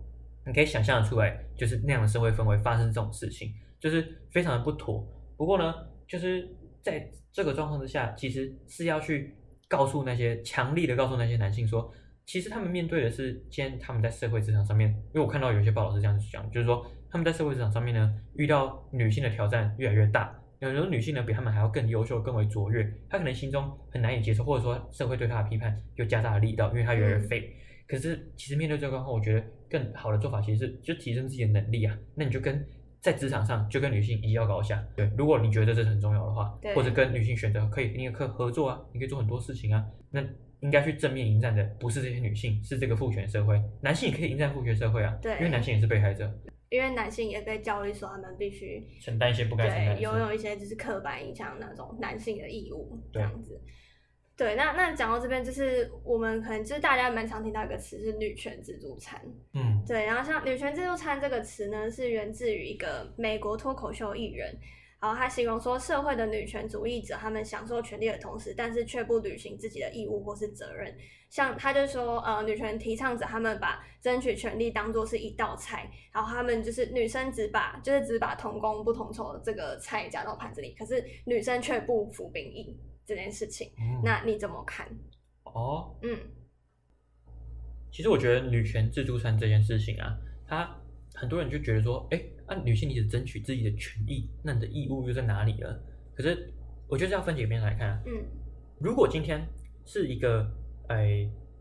你可以想象的出來，就是那樣的社會氛圍發生這種事情，就是非常的不妥。不過呢，就是在這個狀況之下，其實是要去告訴那些強力的告訴那些男性說。其實他們面對的是，既然他們在社會職場上面，因為我看到有些報道是這樣講，就是說他們在社會職場上面呢，遇到女性的挑戰越來越大，有很多女性呢比他們還要更優秀、更為卓越，他可能心中很難以接受，或者說社會對他的批判有加大的力道，因為他越來越廢、嗯、可是其實面對這個話，我覺得更好的做法其實是就提升自己的能力啊，那你就跟在職場上就跟女性一較高下。對，如果你覺得這是很重要的話，對或者跟女性選擇可以，你也可以合作啊，你可以做很多事情啊，那。應該去正面迎戰的不是這些女性，是這個父權社會。男性也可以迎戰父權社會啊，對，因為男性也是被害者，因為男性也被教育說他們必須承擔一些不該承擔的，擁有一些就是刻板印象那種男性的義務對這樣子。對，那那講到這邊，就是我們可能就是大家蠻常聽到一個詞是女權自助餐，嗯，對，然後像女權自助餐這個詞呢，是源自於一個美國脫口秀藝人。然後他形容說，社會的女權主義者，他們享受權利的同時，但是卻不履行自己的義務或是責任。像他就說，呃，女權提倡者他們把爭取權利當做是一道菜，然後他們就是女生只把就是只把同工不同酬這個菜夾到盤子裡，可是女生卻不服兵役這件事情，嗯、那你怎麼看？哦，嗯，其實我覺得女權自助餐這件事情啊，他很多人就覺得說，誒那女性，你只爭取自己的權益，那你的義務又在哪裡了？可是，我就是要分解一邊來看。啊。嗯，如果今天是一個，呃、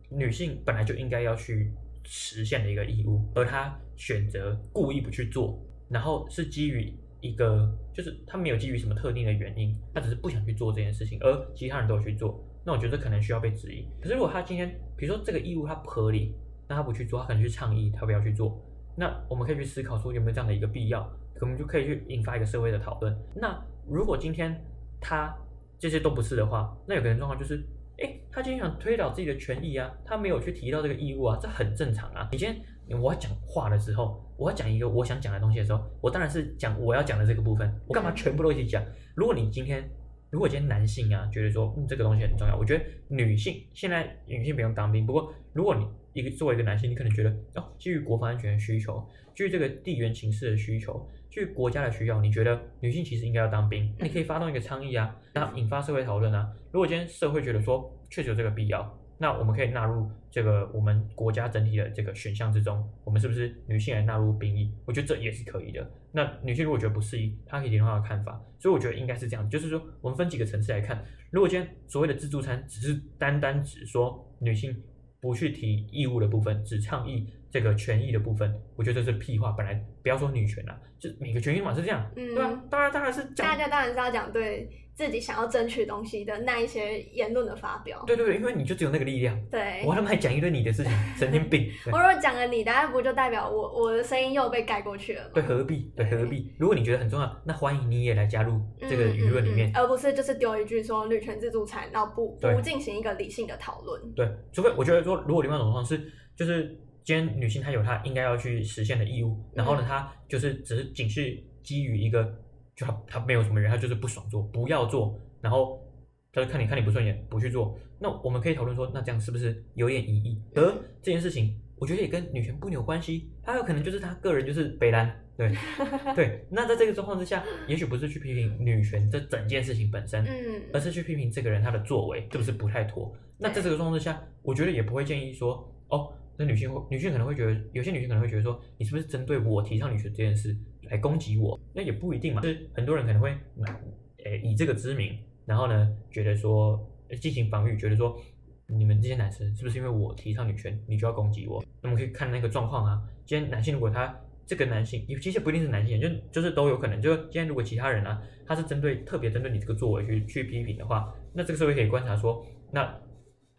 女性本來就應該要去實現的一個義務，而她選擇故意不去做，然後是基於一個，就是她沒有基於什麼特定的原因，她只是不想去做這件事情，而其他人都有去做，那我覺得可能需要被質疑。可是，如果她今天，比如說這個義務它不合理，那她不去做，她可能去倡議，她不要去做。那我們可以去思考說有沒有這樣的一個必要，可我們就可以去引發一個社會的討論。那如果今天他這些都不是的話，那有可能狀況就是，誒，他今天想推倒自己的權益啊，他沒有去提到這個義務啊，這很正常啊。以前我要講話的時候，我要講一個我想講的東西的時候，我當然是講我要講的這個部分，我幹嘛全部都一起講？如果你今天，如果今天男性啊覺得說，嗯，這個東西很重要，我覺得女性現在女性不用當兵，不過如果你。一個作為一個男性，你可能覺得哦，基於國防安全的需求，基於這個地緣情勢的需求，基於國家的需要，你覺得女性其實應該要當兵，你可以發動一個倡議啊，那引發社會討論啊。如果今天社會覺得說確實有這個必要，那我們可以納入這個我們國家整體的這個選項之中，我們是不是女性來納入兵役？我覺得這也是可以的。那女性如果覺得不適宜，她可以提出她的看法。所以我覺得應該是這樣，就是說我們分幾個層次來看。如果今天所謂的自助餐只是單單只說女性。不去提義務的部分，只倡議。這個權益的部分，我覺得這是屁話。本來不要說女權了，就每個權益嘛是這樣，對吧、嗯？當，當，當然是講，大家當然是要講對自己想要爭取東西的那一些言論的發表。對對對，因為你就只有那個力量。對，我他媽還講一堆你的事情， 神經病。我如果講了你，大家不就代表我我的聲音又被蓋過去了嗎？對，何必？對，對何必？如果你覺得很重要，那歡迎你也來加入這個輿、嗯、論裡面、嗯嗯，而不是就是丟一句說女權自助餐，然後不對不進行一個理性的討論。對，除非我覺得說，如果另外一種方式就是。女性她有她應該要去實現的義務，然後呢，她就是只是僅是基於一個，就她她沒有什麼人，她就是不爽做，不要做，然後她就看你看你不順眼，不去做。那我們可以討論說，那這樣是不是有點疑義？呃，這件事情我覺得也跟女權不有關係，她有可能就是她個人就是北南，對對。那在這個狀況之下，也許不是去批評女權這整件事情本身，嗯，而是去批評這個人她的作為是不是不太妥。那在這個狀況之下，我覺得也不會建議說，哦。那女性會，女性可能會覺得，有些女性可能會覺得說，你是不是針對我提倡女權這件事來攻擊我？那也不一定嘛。是很多人可能會，誒、欸，以這個之名，然後呢，覺得說進行防禦，覺得說你們這些男生是不是因為我提倡女權，你就要攻擊我？那麼可以看那個狀況啊。今天男性如果他這個男性，其實不一定是男性，就就是都有可能。就是今天如果其他人啊，他是針對特別針對你這個作為去去批評的話，那這個時候也可以觀察說，那。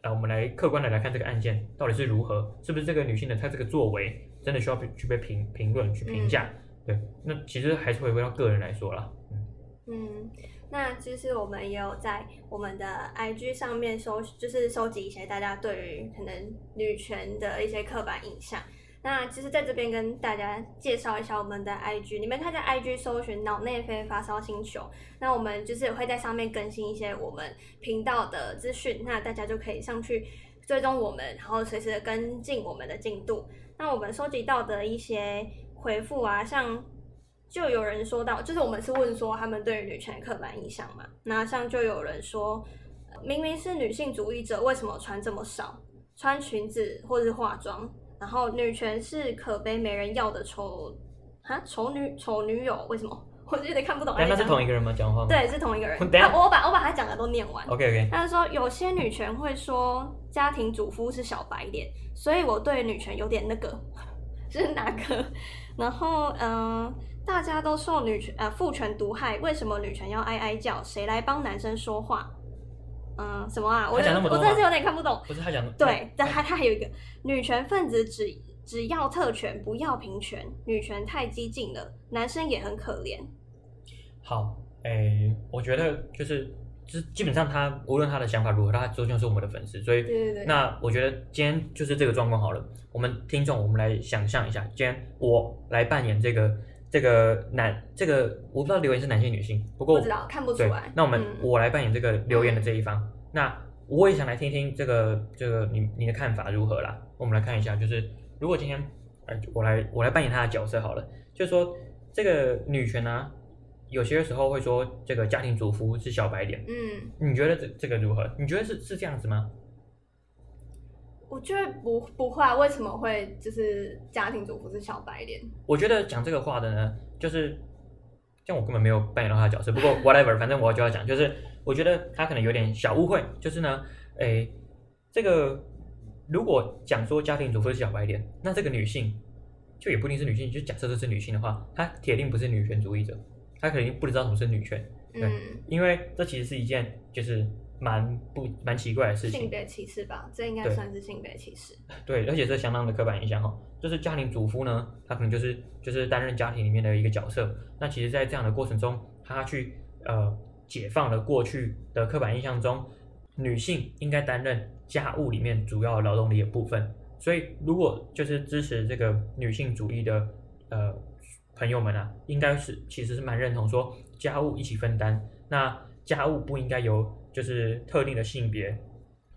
啊，我們來客觀的來看這個案件到底是如何，是不是這個女性的她這個作為真的需要去被評評論去評價？嗯、對，那其實還是回歸到個人來說了。嗯，嗯，那其實我們也有在我們的 IG 上面收，就是收集一些大家對於可能女權的一些刻板印象。那其實在這邊跟大家介紹一下我們的 IG，你們看在 IG 搜尋“腦內啡發燒星球”。那我們就是也會在上面更新一些我們頻道的資訊，那大家就可以上去追蹤我們，然後隨時跟進我們的進度。那我們收集到的一些回復啊，像就有人說到，就是我們是問說他們對於女權的刻板印象嘛，那像就有人說，明明是女性主義者，為什麼穿這麼少，穿裙子或是化妝？然後女權是可悲沒人要的醜啊，醜女醜女友，為什麼？我就有點看不懂。哎，但那是同一個人嗎？講話嗎？對，是同一個人。啊、我把我把他講的都念完。OK OK。他說有些女權會說家庭主夫是小白臉，所以我對女權有點那個 是哪個？然後嗯、呃，大家都受女權呃父權毒害，為什麼女權要哀哀叫？誰來幫男生說話？嗯，什麼啊？我講那麼多我真的是有點看不懂。不是他講的，對，欸、但他他還有一個女權分子只只要特權不要平權，女權太激進了，男生也很可憐。好，哎、欸，我覺得就是就是基本上他無論他的想法如何，他終究是我們的粉絲，所以對對對。那我覺得今天就是這個狀況好了，我們聽眾我們來想象一下，今天我來扮演這個。這個男，這個我不知道留言是男性女性，不過不知道看不出來。那我們我來扮演這個留言的這一方，嗯、那我也想來聽聽這個這個你你的看法如何啦？我們來看一下，就是如果今天，哎、呃，我來我來扮演他的角色好了，就是說這個女權呢、啊，有些時候會說這個家庭主婦是小白臉，嗯，你覺得這這個如何？你覺得是是這樣子嗎？我覺得不不會，為什麼會就是家庭主婦是小白臉？我覺得講這個話的呢，就是像我根本沒有扮演到他的角色。不過 whatever， 反正我就要講，就是我覺得他可能有點小誤會。就是呢，誒、欸，這個如果講說家庭主婦是小白臉，那這個女性就也不一定是女性，就假設這是女性的話，她鐵定不是女權主義者，她肯定不知道什麼是女權，對，嗯、因為這其實是一件就是。蠻不蠻奇怪的事情，性別歧視吧？這應該算是性別歧視。對,對，而且這相當的刻板印象哈、哦。就是家庭主夫呢，他可能就是就是擔任家庭裡面的一個角色。那其實，在這樣的過程中，他去呃解放了過去的刻板印象中，女性應該擔任家務裡面主要勞動力的部分。所以，如果就是支持這個女性主義的呃朋友們啊，應該是其實是蠻認同說家務一起分擔，那家務不應該由。就是特定的性別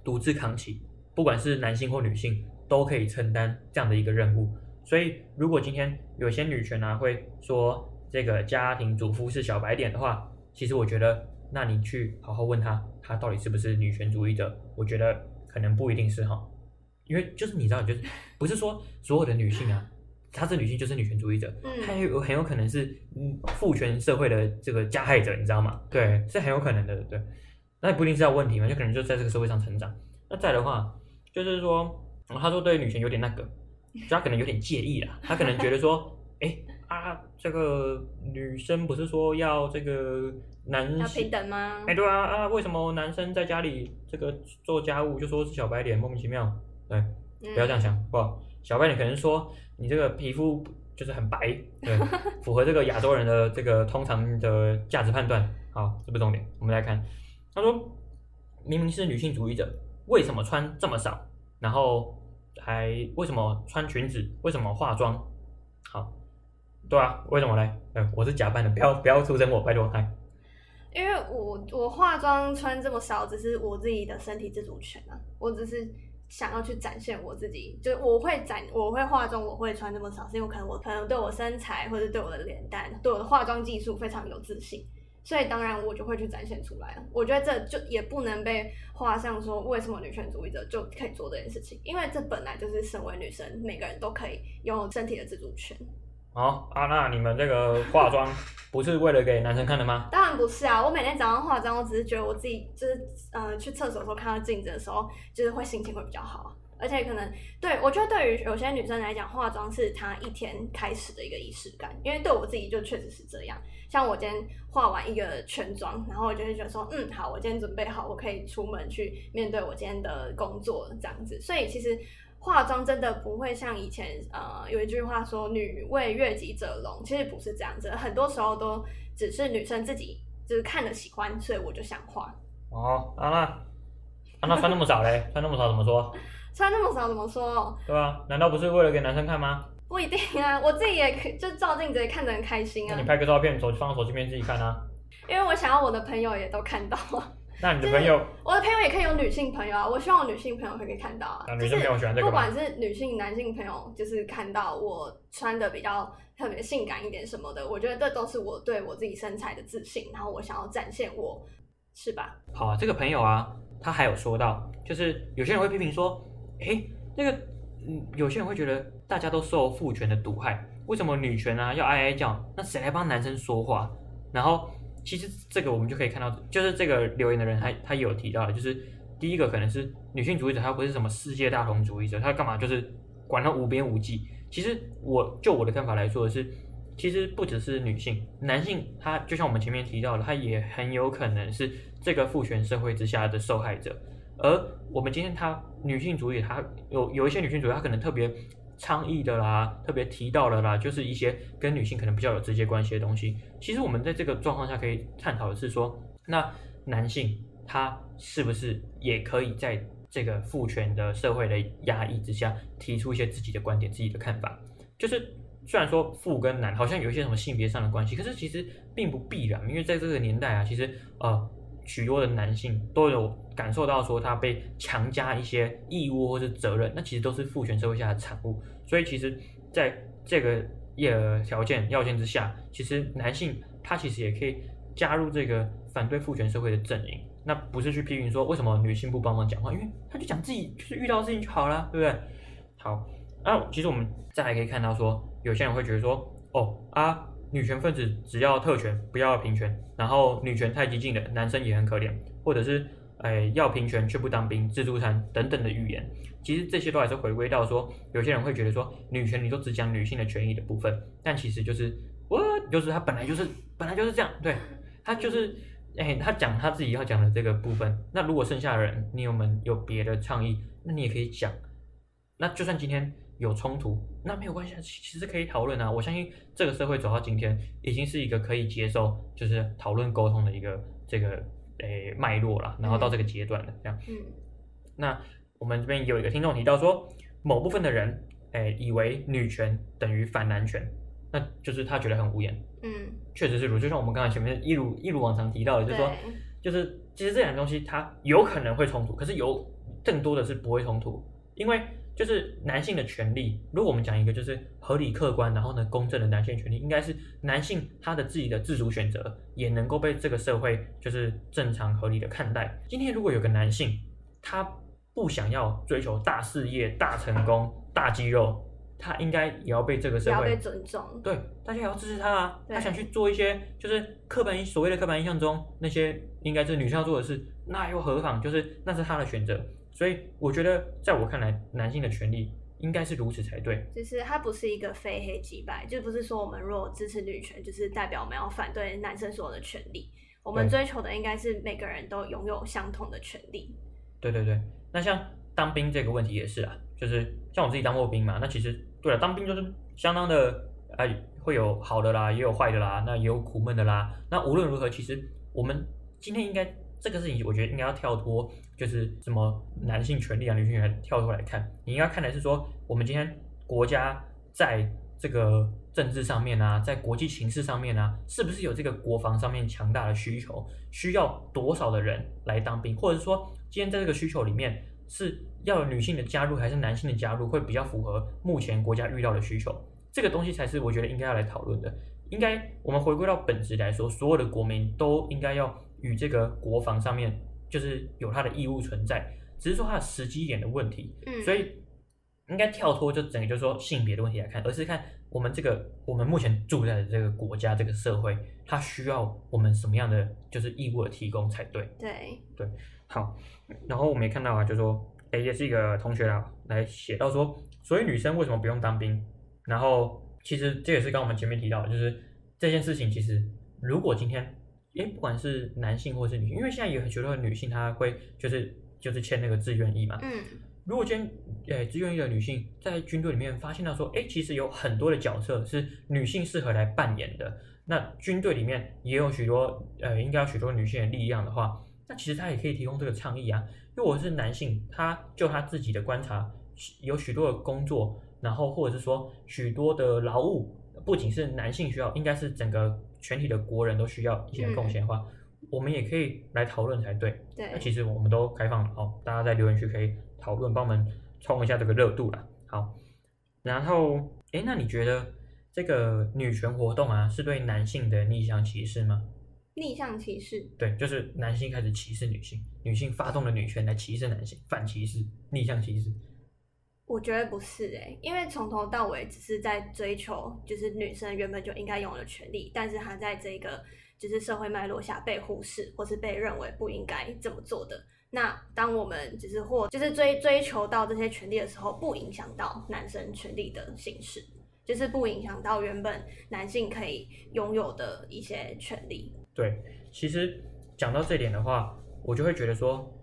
獨自扛起，不管是男性或女性都可以承擔這樣的一個任務。所以，如果今天有些女權啊，會說這個家庭主婦是小白臉的話，其實我覺得，那你去好好問她，她到底是不是女權主義者？我覺得可能不一定是哈，因為就是你知道，就是不是說所有的女性啊，她是女性就是女權主義者，她也有很有可能是嗯父權社會的這個加害者，你知道嗎？對，是很有可能的，對。那不一定是要問題嘛，就可能就在這個社會上成長。那再的話，就是說，嗯、他說對女權有點那個，他可能有點介意啦。他可能覺得說，哎 啊，這個女生不是說要這個男性平等嗎？哎，對啊啊，為什麼男生在家裡這個做家務就說是小白臉，莫名其妙？對，不要這樣想，不， 小白臉可能說你這個皮膚就是很白，對，符合這個亞洲人的這個通常的價值判斷。好，是不是重點？我們來看。他說：“明明是女性主義者，為什麼穿這麼少？然後還為什麼穿裙子？為什麼化妝？好，對啊，為什麼呢、嗯？我是假扮的，不要不要出聲，我拜托。Hi ”嗨，因為我我化妝穿這麼少，只是我自己的身體自主權啊，我只是想要去展現我自己。就是、我會展，我會化妝，我會穿這麼少，是因為可能我可能對我身材或者對我的臉蛋、對我的化妝技術非常有自信。所以當然我就會去展現出來了。我覺得這就也不能被畫像說為什麼女權主義者就可以做這件事情，因為這本來就是身為女生，每個人都可以擁有身體的自主權。好、哦，阿、啊、娜，你們這個化妝不是為了給男生看的嗎？ 當然不是啊，我每天早上化妝，我只是覺得我自己就是呃去廁所的時候看到鏡子的時候，就是會心情會比較好，而且可能對我覺得對於有些女生來講，化妝是她一天開始的一個儀式感，因為對我自己就確實是這樣。像我今天化完一個全妝，然後我就會覺得說，嗯，好，我今天準備好，我可以出門去面對我今天的工作這樣子。所以其實化妝真的不會像以前，呃，有一句話說“女為悅己者容”，其實不是這樣子。很多時候都只是女生自己就是看了喜歡，所以我就想化。哦，啊那，啊那穿那麼少嘞？ 穿那麼少怎麼說？穿那麼少怎麼說？對啊，難道不是為了給男生看嗎？不一定啊，我自己也可以就照鏡子也看着很開心啊。那你拍個照片，手機放到手機邊自己看啊。 因為我想要我的朋友也都看到。那你的朋友？我的朋友也可以有女性朋友啊，我希望我女性朋友可以看到啊。那女性朋友喜歡這個，不管是女性、男性朋友，就是看到我穿的比較特別性感一點什麼的，我覺得這都是我對我自己身材的自信，然後我想要展現我，是吧？好啊，這個朋友啊，他還有說到，就是有些人會批評說，誒、嗯欸，那個。嗯，有些人會覺得大家都受父權的毒害，為什麼女權啊要哀哀叫？那誰來幫男生說話？然後，其實這個我們就可以看到，就是這個留言的人他，他他有提到的，就是第一個可能是女性主義者，他不是什麼世界大同主義者，他幹嘛？就是管他無邊無際。其實我，我就我的看法來說的是，其實不只是女性，男性他就像我們前面提到的，他也很有可能是這個父權社會之下的受害者。而我們今天他，她女性主義他，她有有一些女性主義，她可能特別倡議的啦，特別提到的啦，就是一些跟女性可能比較有直接關係的東西。其實我們在這個狀況下可以探討的是說，那男性他是不是也可以在這個父權的社會的壓抑之下，提出一些自己的觀點、自己的看法？就是雖然說父跟男好像有一些什麼性別上的關係，可是其實並不必然，因為在這個年代啊，其實呃。許多的男性都有感受到說他被強加一些義務或是責任，那其實都是父權社會下的產物。所以其實，在這個業額條件、要件之下，其實男性他其實也可以加入這個反對父權社會的陣營。那不是去批評說，為什麼女性不幫忙講話？因為他就講自己就是遇到事情就好了，對不對？好，那、啊、其實我們再來可以看到說，有些人會覺得說，哦啊。女權分子只要特權，不要要平權。然後女權太激進的男生也很可憐，或者是哎要平權卻不當兵、自助餐等等的語言，其實這些都還是回歸到說，有些人會覺得說女權你都只講女性的權益的部分，但其實就是我就是他本來就是本來就是這樣，對，他就是哎他講他自己要講的這個部分。那如果剩下的人，你有沒有別的倡議，那你也可以講。那就算今天，有衝突，那沒有關係，其實可以討論啊。我相信這個社會走到今天，已經是一個可以接受，就是討論溝通的一個這個誒脈絡了。然後到這個階段了，這樣。嗯。那我們這邊有一個聽眾提到說，某部分的人誒以為女權等於反男權，那就是他覺得很無言。嗯，確實是如，就像我們剛才前面一如一如往常提到的，就是說，對就是其實這兩個東西它有可能會衝突，可是有更多的是不會衝突，因為。就是男性的權利，如果我們講一個就是合理客觀，然後呢，公正的男性的權利，應該是男性他的自己的自主選擇，也能夠被這個社會就是正常合理的看待。今天如果有個男性，他不想要追求大事業、大成功、大肌肉，他應該也要被這個社會也要被尊重。對，大家也要支持他啊。對他想去做一些就是刻板印，所謂的刻板印象中那些應該是女生要做的事，那又何妨？就是那是他的選擇。所以我覺得，在我看來，男性的權利應該是如此才對。就是它不是一個非黑即白，就不是說我們如果支持女權，就是代表我們要反對男生所有的權利。我們追求的應該是每個人都擁有相同的權利。對對對，那像當兵這個問題也是啊，就是像我自己當過兵嘛。那其實對了，當兵就是相當的，啊，會有好的啦，也有壞的啦，那也有苦悶的啦。那無論如何，其實我們今天應該。這個事情，我覺得應該要跳脫，就是什麼男性權利啊、女性權利啊，跳脫來看，你應該看的是說，我們今天國家在這個政治上面啊，在國際情勢上面啊，是不是有這個國防上面強大的需求？需要多少的人來當兵，或者是說，今天在這個需求裡面是要有女性的加入還是男性的加入會比較符合目前國家遇到的需求？這個東西才是我覺得應該要來討論的。應該我們回歸到本質來說，所有的國民都應該要。與這個國防上面就是有它的義務存在，只是說它的時機點的問題，嗯，所以應該跳脫就整個就是說性別的問題來看，而是看我們這個我們目前住在的這個國家這個社會，它需要我們什麼樣的就是義務的提供才對，對對，好，然後我們也看到啊，就說哎也是一個同學啊來寫到說，所以女生為什麼不用當兵？然後其實這也是剛剛我們前面提到的，就是這件事情其實如果今天。哎，不管是男性或是女性，因為現在有很多的女性，她會就是就是簽那個志願役嘛。嗯。如果今天，誒，志願役的女性在軍隊裡面發現到說，哎，其實有很多的角色是女性適合來扮演的，那軍隊裡面也有許多，呃，應該有許多女性的力量的話，那其實她也可以提供這個倡議啊。如果是男性，他就他自己的觀察，有許多的工作，然後或者是說許多的勞務。不僅是男性需要，應該是整個全體的國人都需要一些貢獻的話，嗯、我們也可以來討論才對。對，那其實我們都開放了哦，大家在留言區可以討論，幫我們衝一下這個熱度啦。好，然後，誒，那你覺得這個女權活動啊，是對男性的逆向歧視嗎？逆向歧視？對，就是男性開始歧視女性，女性發動了女權來歧視男性，反歧視，逆向歧視。我覺得不是哎、欸，因為從頭到尾只是在追求，就是女生原本就應該擁有的權利，但是她在這個就是社會脈絡下被忽視，或是被認為不應該這麼做的。那當我們只是或就是追追求到這些權利的時候，不影響到男生權利的行使，就是不影響到原本男性可以擁有的一些權利。對，其實講到這點的話，我就會覺得說，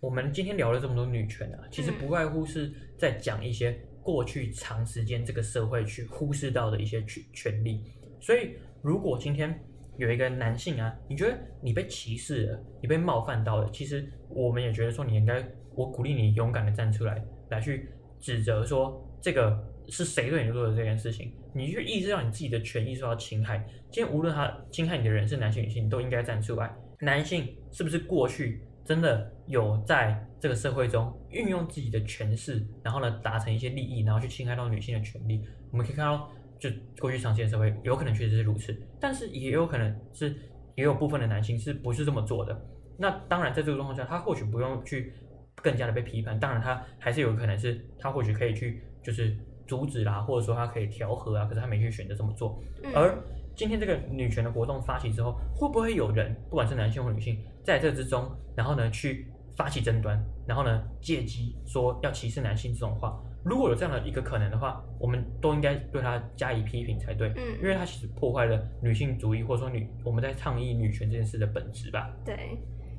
我們今天聊了這麼多女權啊，其實不外乎是在講一些過去長時間這個社會去忽視到的一些權權利。所以，如果今天有一個男性啊，你覺得你被歧視了，你被冒犯到了，其實我們也覺得說你應該，我鼓勵你勇敢的站出來，來去指責說這個是誰對你做的這件事情，你去意識到你自己的權益受到侵害。今天無論他侵害你的人是男性女性，你都應該站出來。男性是不是過去真的有在這個社會中運用自己的權勢，然後呢，達成一些利益，然後去侵害到女性的權利。我們可以看到，就過去長期的社會有可能確實是如此，但是也有可能是也有部分的男性是不是這麼做的？那當然在這個狀況下，他或許不用去更加的被批判，當然他還是有可能是他或許可以去就是阻止啦，或者說他可以調和啊，可是他沒去選擇這麼做。嗯。而今天這個女權的活動發起之後，會不會有人不管是男性或女性？在這之中，然後呢，去發起爭端，然後呢，借機說要歧視男性這種話，如果有這樣的一個可能的話，我們都應該對他加以批評才對。嗯，因為他其實破壞了女性主義，或者說女我們在倡議女權這件事的本質吧。對，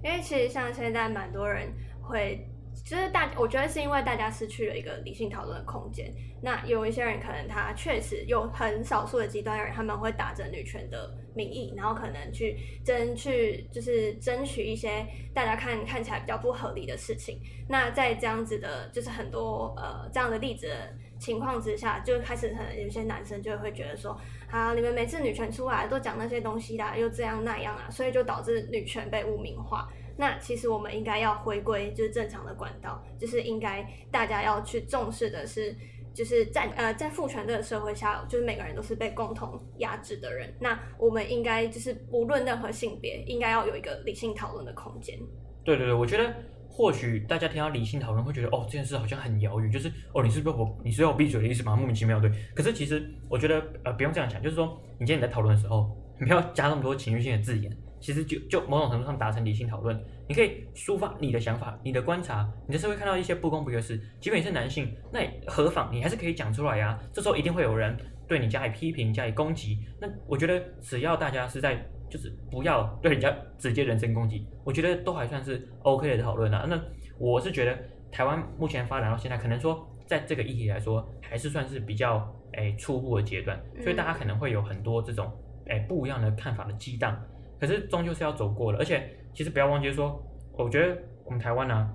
因為其實像現在蠻多人會。其實大家，我覺得是因為大家失去了一個理性討論的空間。那有一些人可能他確實有很少數的極端的人，他們會打着女權的名義，然後可能去爭取，去就是爭取一些大家看看起來比較不合理的事情。那在這樣子的，就是很多呃這樣的例子的情況之下，就開始可能有些男生就會覺得說：啊，你們每次女權出來都講那些東西啦，又這樣那樣啊，所以就導致女權被污名化。那其實我們應該要回歸就是正常的管道，就是應該大家要去重視的是，就是在呃在父權的社會下，就是每個人都是被共同壓制的人。那我們應該就是不論任何性別，應該要有一個理性討論的空間。對對對，我覺得或許大家聽到理性討論會覺得哦，這件事好像很遙遠，就是哦，你是不是我？我你是要我閉嘴的意思嗎？莫名其妙，對。可是其實我覺得呃不用這樣講，就是說你今天你在討論的時候，你不要加那麼多情緒性的字眼。其實就就某種程度上達成理性討論，你可以抒發你的想法、你的觀察，你的社會看到一些不公不義的事，即便你是男性，那也何妨，你還是可以講出來呀，啊，這時候一定會有人對你加以批評、加以攻擊。那我覺得，只要大家是在就是不要對人家直接人身攻擊，我覺得都還算是 OK 的討論了。那我是覺得台灣目前發展到現在，可能說在這個議題來說，還是算是比較哎、欸、初步的階段，所以大家可能會有很多這種哎、欸、不一樣的看法的激盪。可是終究是要走過的，而且其實不要忘記說，我覺得我們台灣呢、啊，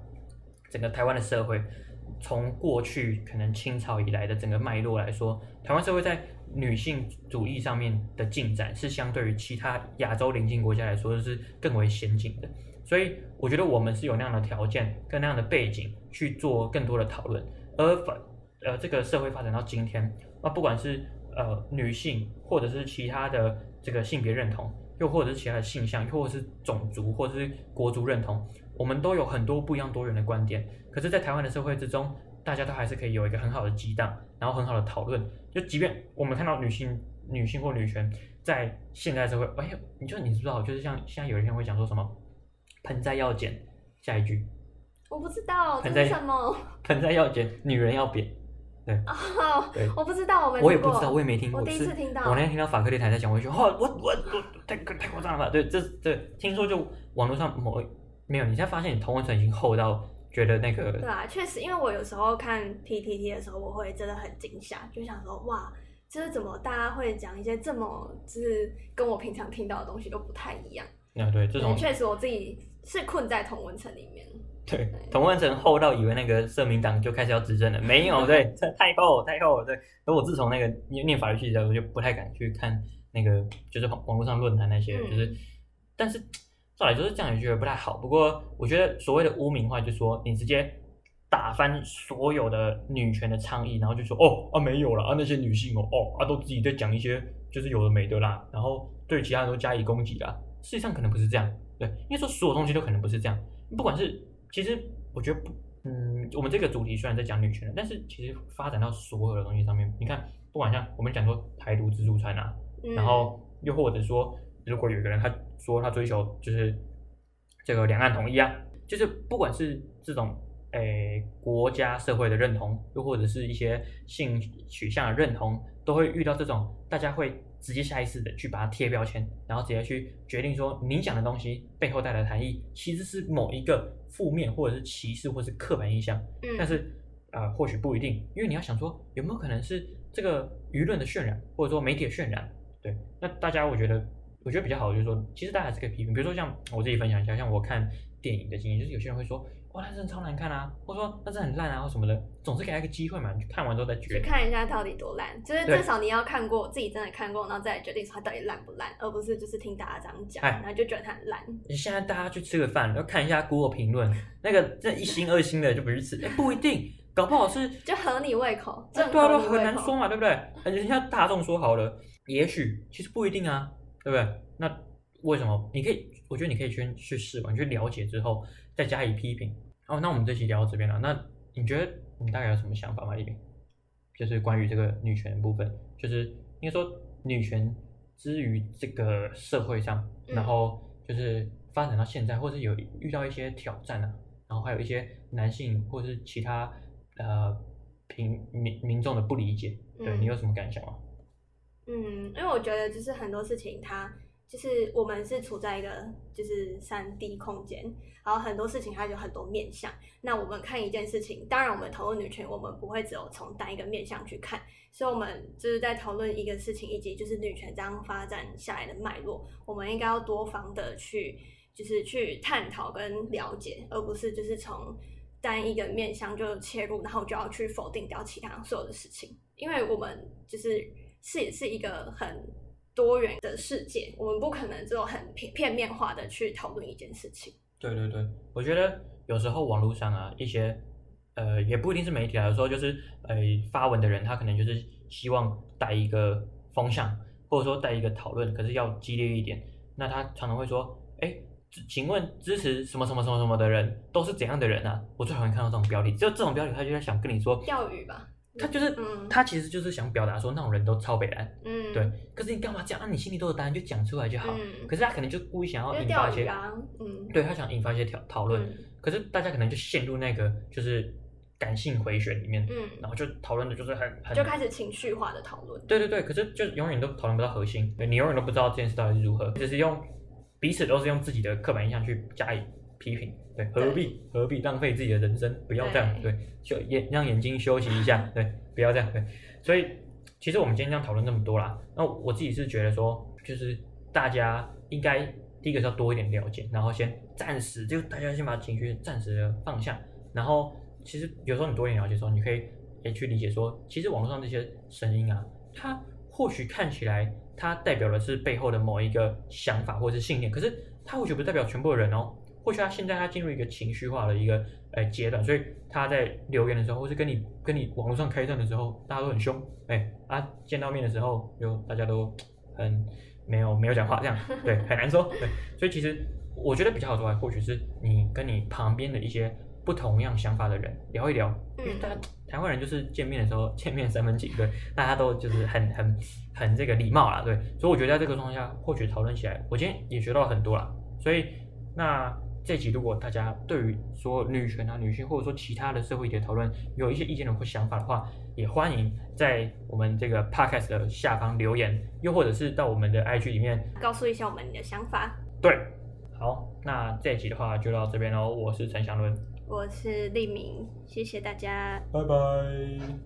整個台灣的社會，從過去可能清朝以來的整個脈絡來說，台灣社會在女性主義上面的進展，是相對於其他亞洲鄰近國家來說，是更為先進的。所以我覺得我們是有那樣的條件跟那樣的背景，去做更多的討論。而反呃，這個社會發展到今天，那不管是呃女性，或者是其他的這個性別認同。又或者是其他的性向，又或者是種族，或者是國族認同，我們都有很多不一樣多元的觀點。可是，在台灣的社會之中，大家都還是可以有一個很好的激盪，然後很好的討論。就即便我們看到女性、女性或女權在現代社會，哎，你說你知不知道？就是像現在有人會講說什麼？盆栽要剪，下一句？我不知道，盆栽，這是什麼？盆栽要剪，女人要扁。對，哦，對我不知道，我沒我也不知道，我也沒聽過。我第一次聽到，我那天聽到法克利台在講，我就說：哈，我我我太太誇張了吧，對，這這聽說就網絡上某沒有，你才發現你同溫層已經厚到覺得那個。對啊，確實，因為我有時候看 PTT 的時候，我會真的很驚嚇，就想說：哇，就是怎麼大家會講一些這麼就是跟我平常聽到的東西都不太一樣。啊，yeah, 對，這種確實我自己是困在同溫層裡面。對，對同溫層厚到以為那個社民黨就開始要執政了， 沒有，對，太厚太厚，對。而我自從那個念念法律系的時候我就不太敢去看那個就是網絡上論壇那些，嗯、就是，但是說來就是這樣，也覺得不太好。不過我覺得所謂的污名化，就說你直接打翻所有的女權的倡議，然後就說哦啊沒有了啊，那些女性哦哦啊都自己在講一些就是有的沒的啦，然後對其他人都加以攻擊啦。事實上可能不是這樣，對，應該說所有東西都可能不是這樣。不管是，其實我覺得不，嗯，我們這個主題雖然在講女權，但是其實發展到所有的東西上面，你看，不管像我們講說台獨自助餐啊，嗯、然後又或者說，如果有一個人他說他追求就是這個兩岸統一啊，就是不管是這種誒、呃、國家社會的認同，又或者是一些性取向的認同，都會遇到這種大家會直接下意識的去把它貼標籤，然後直接去決定說你講的東西背後帶來的含義其實是某一個負面或者是歧視或者是刻板印象。嗯，但是啊，呃，或許不一定，因為你要想說有沒有可能是這個輿論的渲染或者說媒體的渲染。對，那大家我覺得我覺得比較好就是說，其實大家還是可以批評。比如說像我自己分享一下，像我看電影的經驗，就是有些人會說。哇，他真的超難看啊！或者說他真的很爛啊，或什麼的，總是給他一個機會嘛。你看完之後再決定，去看一下到底多爛。就是至少你要看過，對自己真的看過，然後再決定它到底爛不爛，而不是就是聽大家這樣講，嗨然後就覺得他很爛。你現在大家去吃個飯，要看一下 Google 評論， 那個那一星二星的就不是次、 欸，不一定，搞不好是就合你胃口。這對啊，都很難說嘛，對不對？欸、人家大眾說好了， 也許其實不一定啊，對不對？那為什麼？你可以，我覺得你可以去去試管去了解之後。再加以批評。Oh, 那我們這期聊到這邊了。那你覺得你大概有什麼想法嗎？莉敏，就是關於這個女權的部分，就是應該說女權之於這個社會上，嗯、然後就是發展到現在，或是有遇到一些挑戰啊，然後還有一些男性或者是其他呃平民民眾的不理解，對你有什麼感想嗎？嗯，因為我覺得就是很多事情它。就是我們是處在一個就是 3D 空間，然後很多事情它有很多面向。那我們看一件事情，當然我們討論女權，我們不會只有從單一個面向去看。所以，我們就是在討論一個事情，以及就是女權這樣發展下來的脈絡，我們應該要多方的去，就是去探討跟了解，而不是就是從單一個面向就切入，然後就要去否定掉其他所有的事情。因為我們就是是也是一個很。多元的世界，我們不可能就很片面化的去討論一件事情。對對對，我覺得有時候網絡上啊，一些呃也不一定是媒體啊，有時候就是呃發文的人，他可能就是希望帶一個風向，或者說帶一個討論，可是要激烈一點。那他常常會說，哎，請問支持什麼什麼什麼什麼的人都是怎樣的人啊？我最討厭看到這種標題，就這種標題，他就在想跟你說釣魚吧。他就是，嗯嗯、他其實就是想表達說那種人都超北蘭，嗯，對。可是你幹嘛這樣，啊？你心裡都有答案，就講出來就好。嗯、可是他可能就故意想要引發一些，啊嗯、對他想引發一些調討論。嗯、可是大家可能就陷入那個就是感性回旋裡面，嗯，然後就討論的就是很，就開始情緒化的討論。對對對，可是就永遠都討論不到核心，對你永遠都不知道這件事到底是如何，只是用彼此都是用自己的刻板印象去加以，批評對，何必對何必浪費自己的人生？不要這樣，對，對，就也讓眼睛休息一下， 對，不要這樣，對。所以其實我們今天這樣討論那麼多啦，那我自己是覺得說，就是大家應該第一個是要多一點了解，然後先暫時就大家先把情緒暫時的放下，然後其實有時候你多一點了解的時候，你可以也去理解說，其實網絡上這些聲音啊，它或許看起來它代表的是背後的某一個想法或者是信念，可是它或許不代表全部的人哦。或許他現在他進入一個情緒化的一個誒、欸、階段，所以他在留言的時候，或是跟你跟你網絡上開戰的時候，大家都很凶，哎、欸，啊，見到面的時候就大家都很沒有沒有講話，這樣，對，很難說，對，所以其實我覺得比較好說啊，或許是你跟你旁邊的一些不同樣想法的人聊一聊，嗯，因為大家台灣人就是見面的時候見面三分情，對，大家都就是很很很這個禮貌啦，對，所以我覺得在這個狀況下，或許討論起來，我今天也學到很多了，所以那。這一集如果，大家對於說女權啊、女性或者說其他的社會的討論有一些意見或想法的話，也歡迎在我們這個 podcast 的下方留言，又或者是到我們的 IG 裡面告訴一下我們你的想法。對，好，那這一集的話就到這邊嘍。我是陳庠綸，我是莉敏，謝謝大家，拜拜。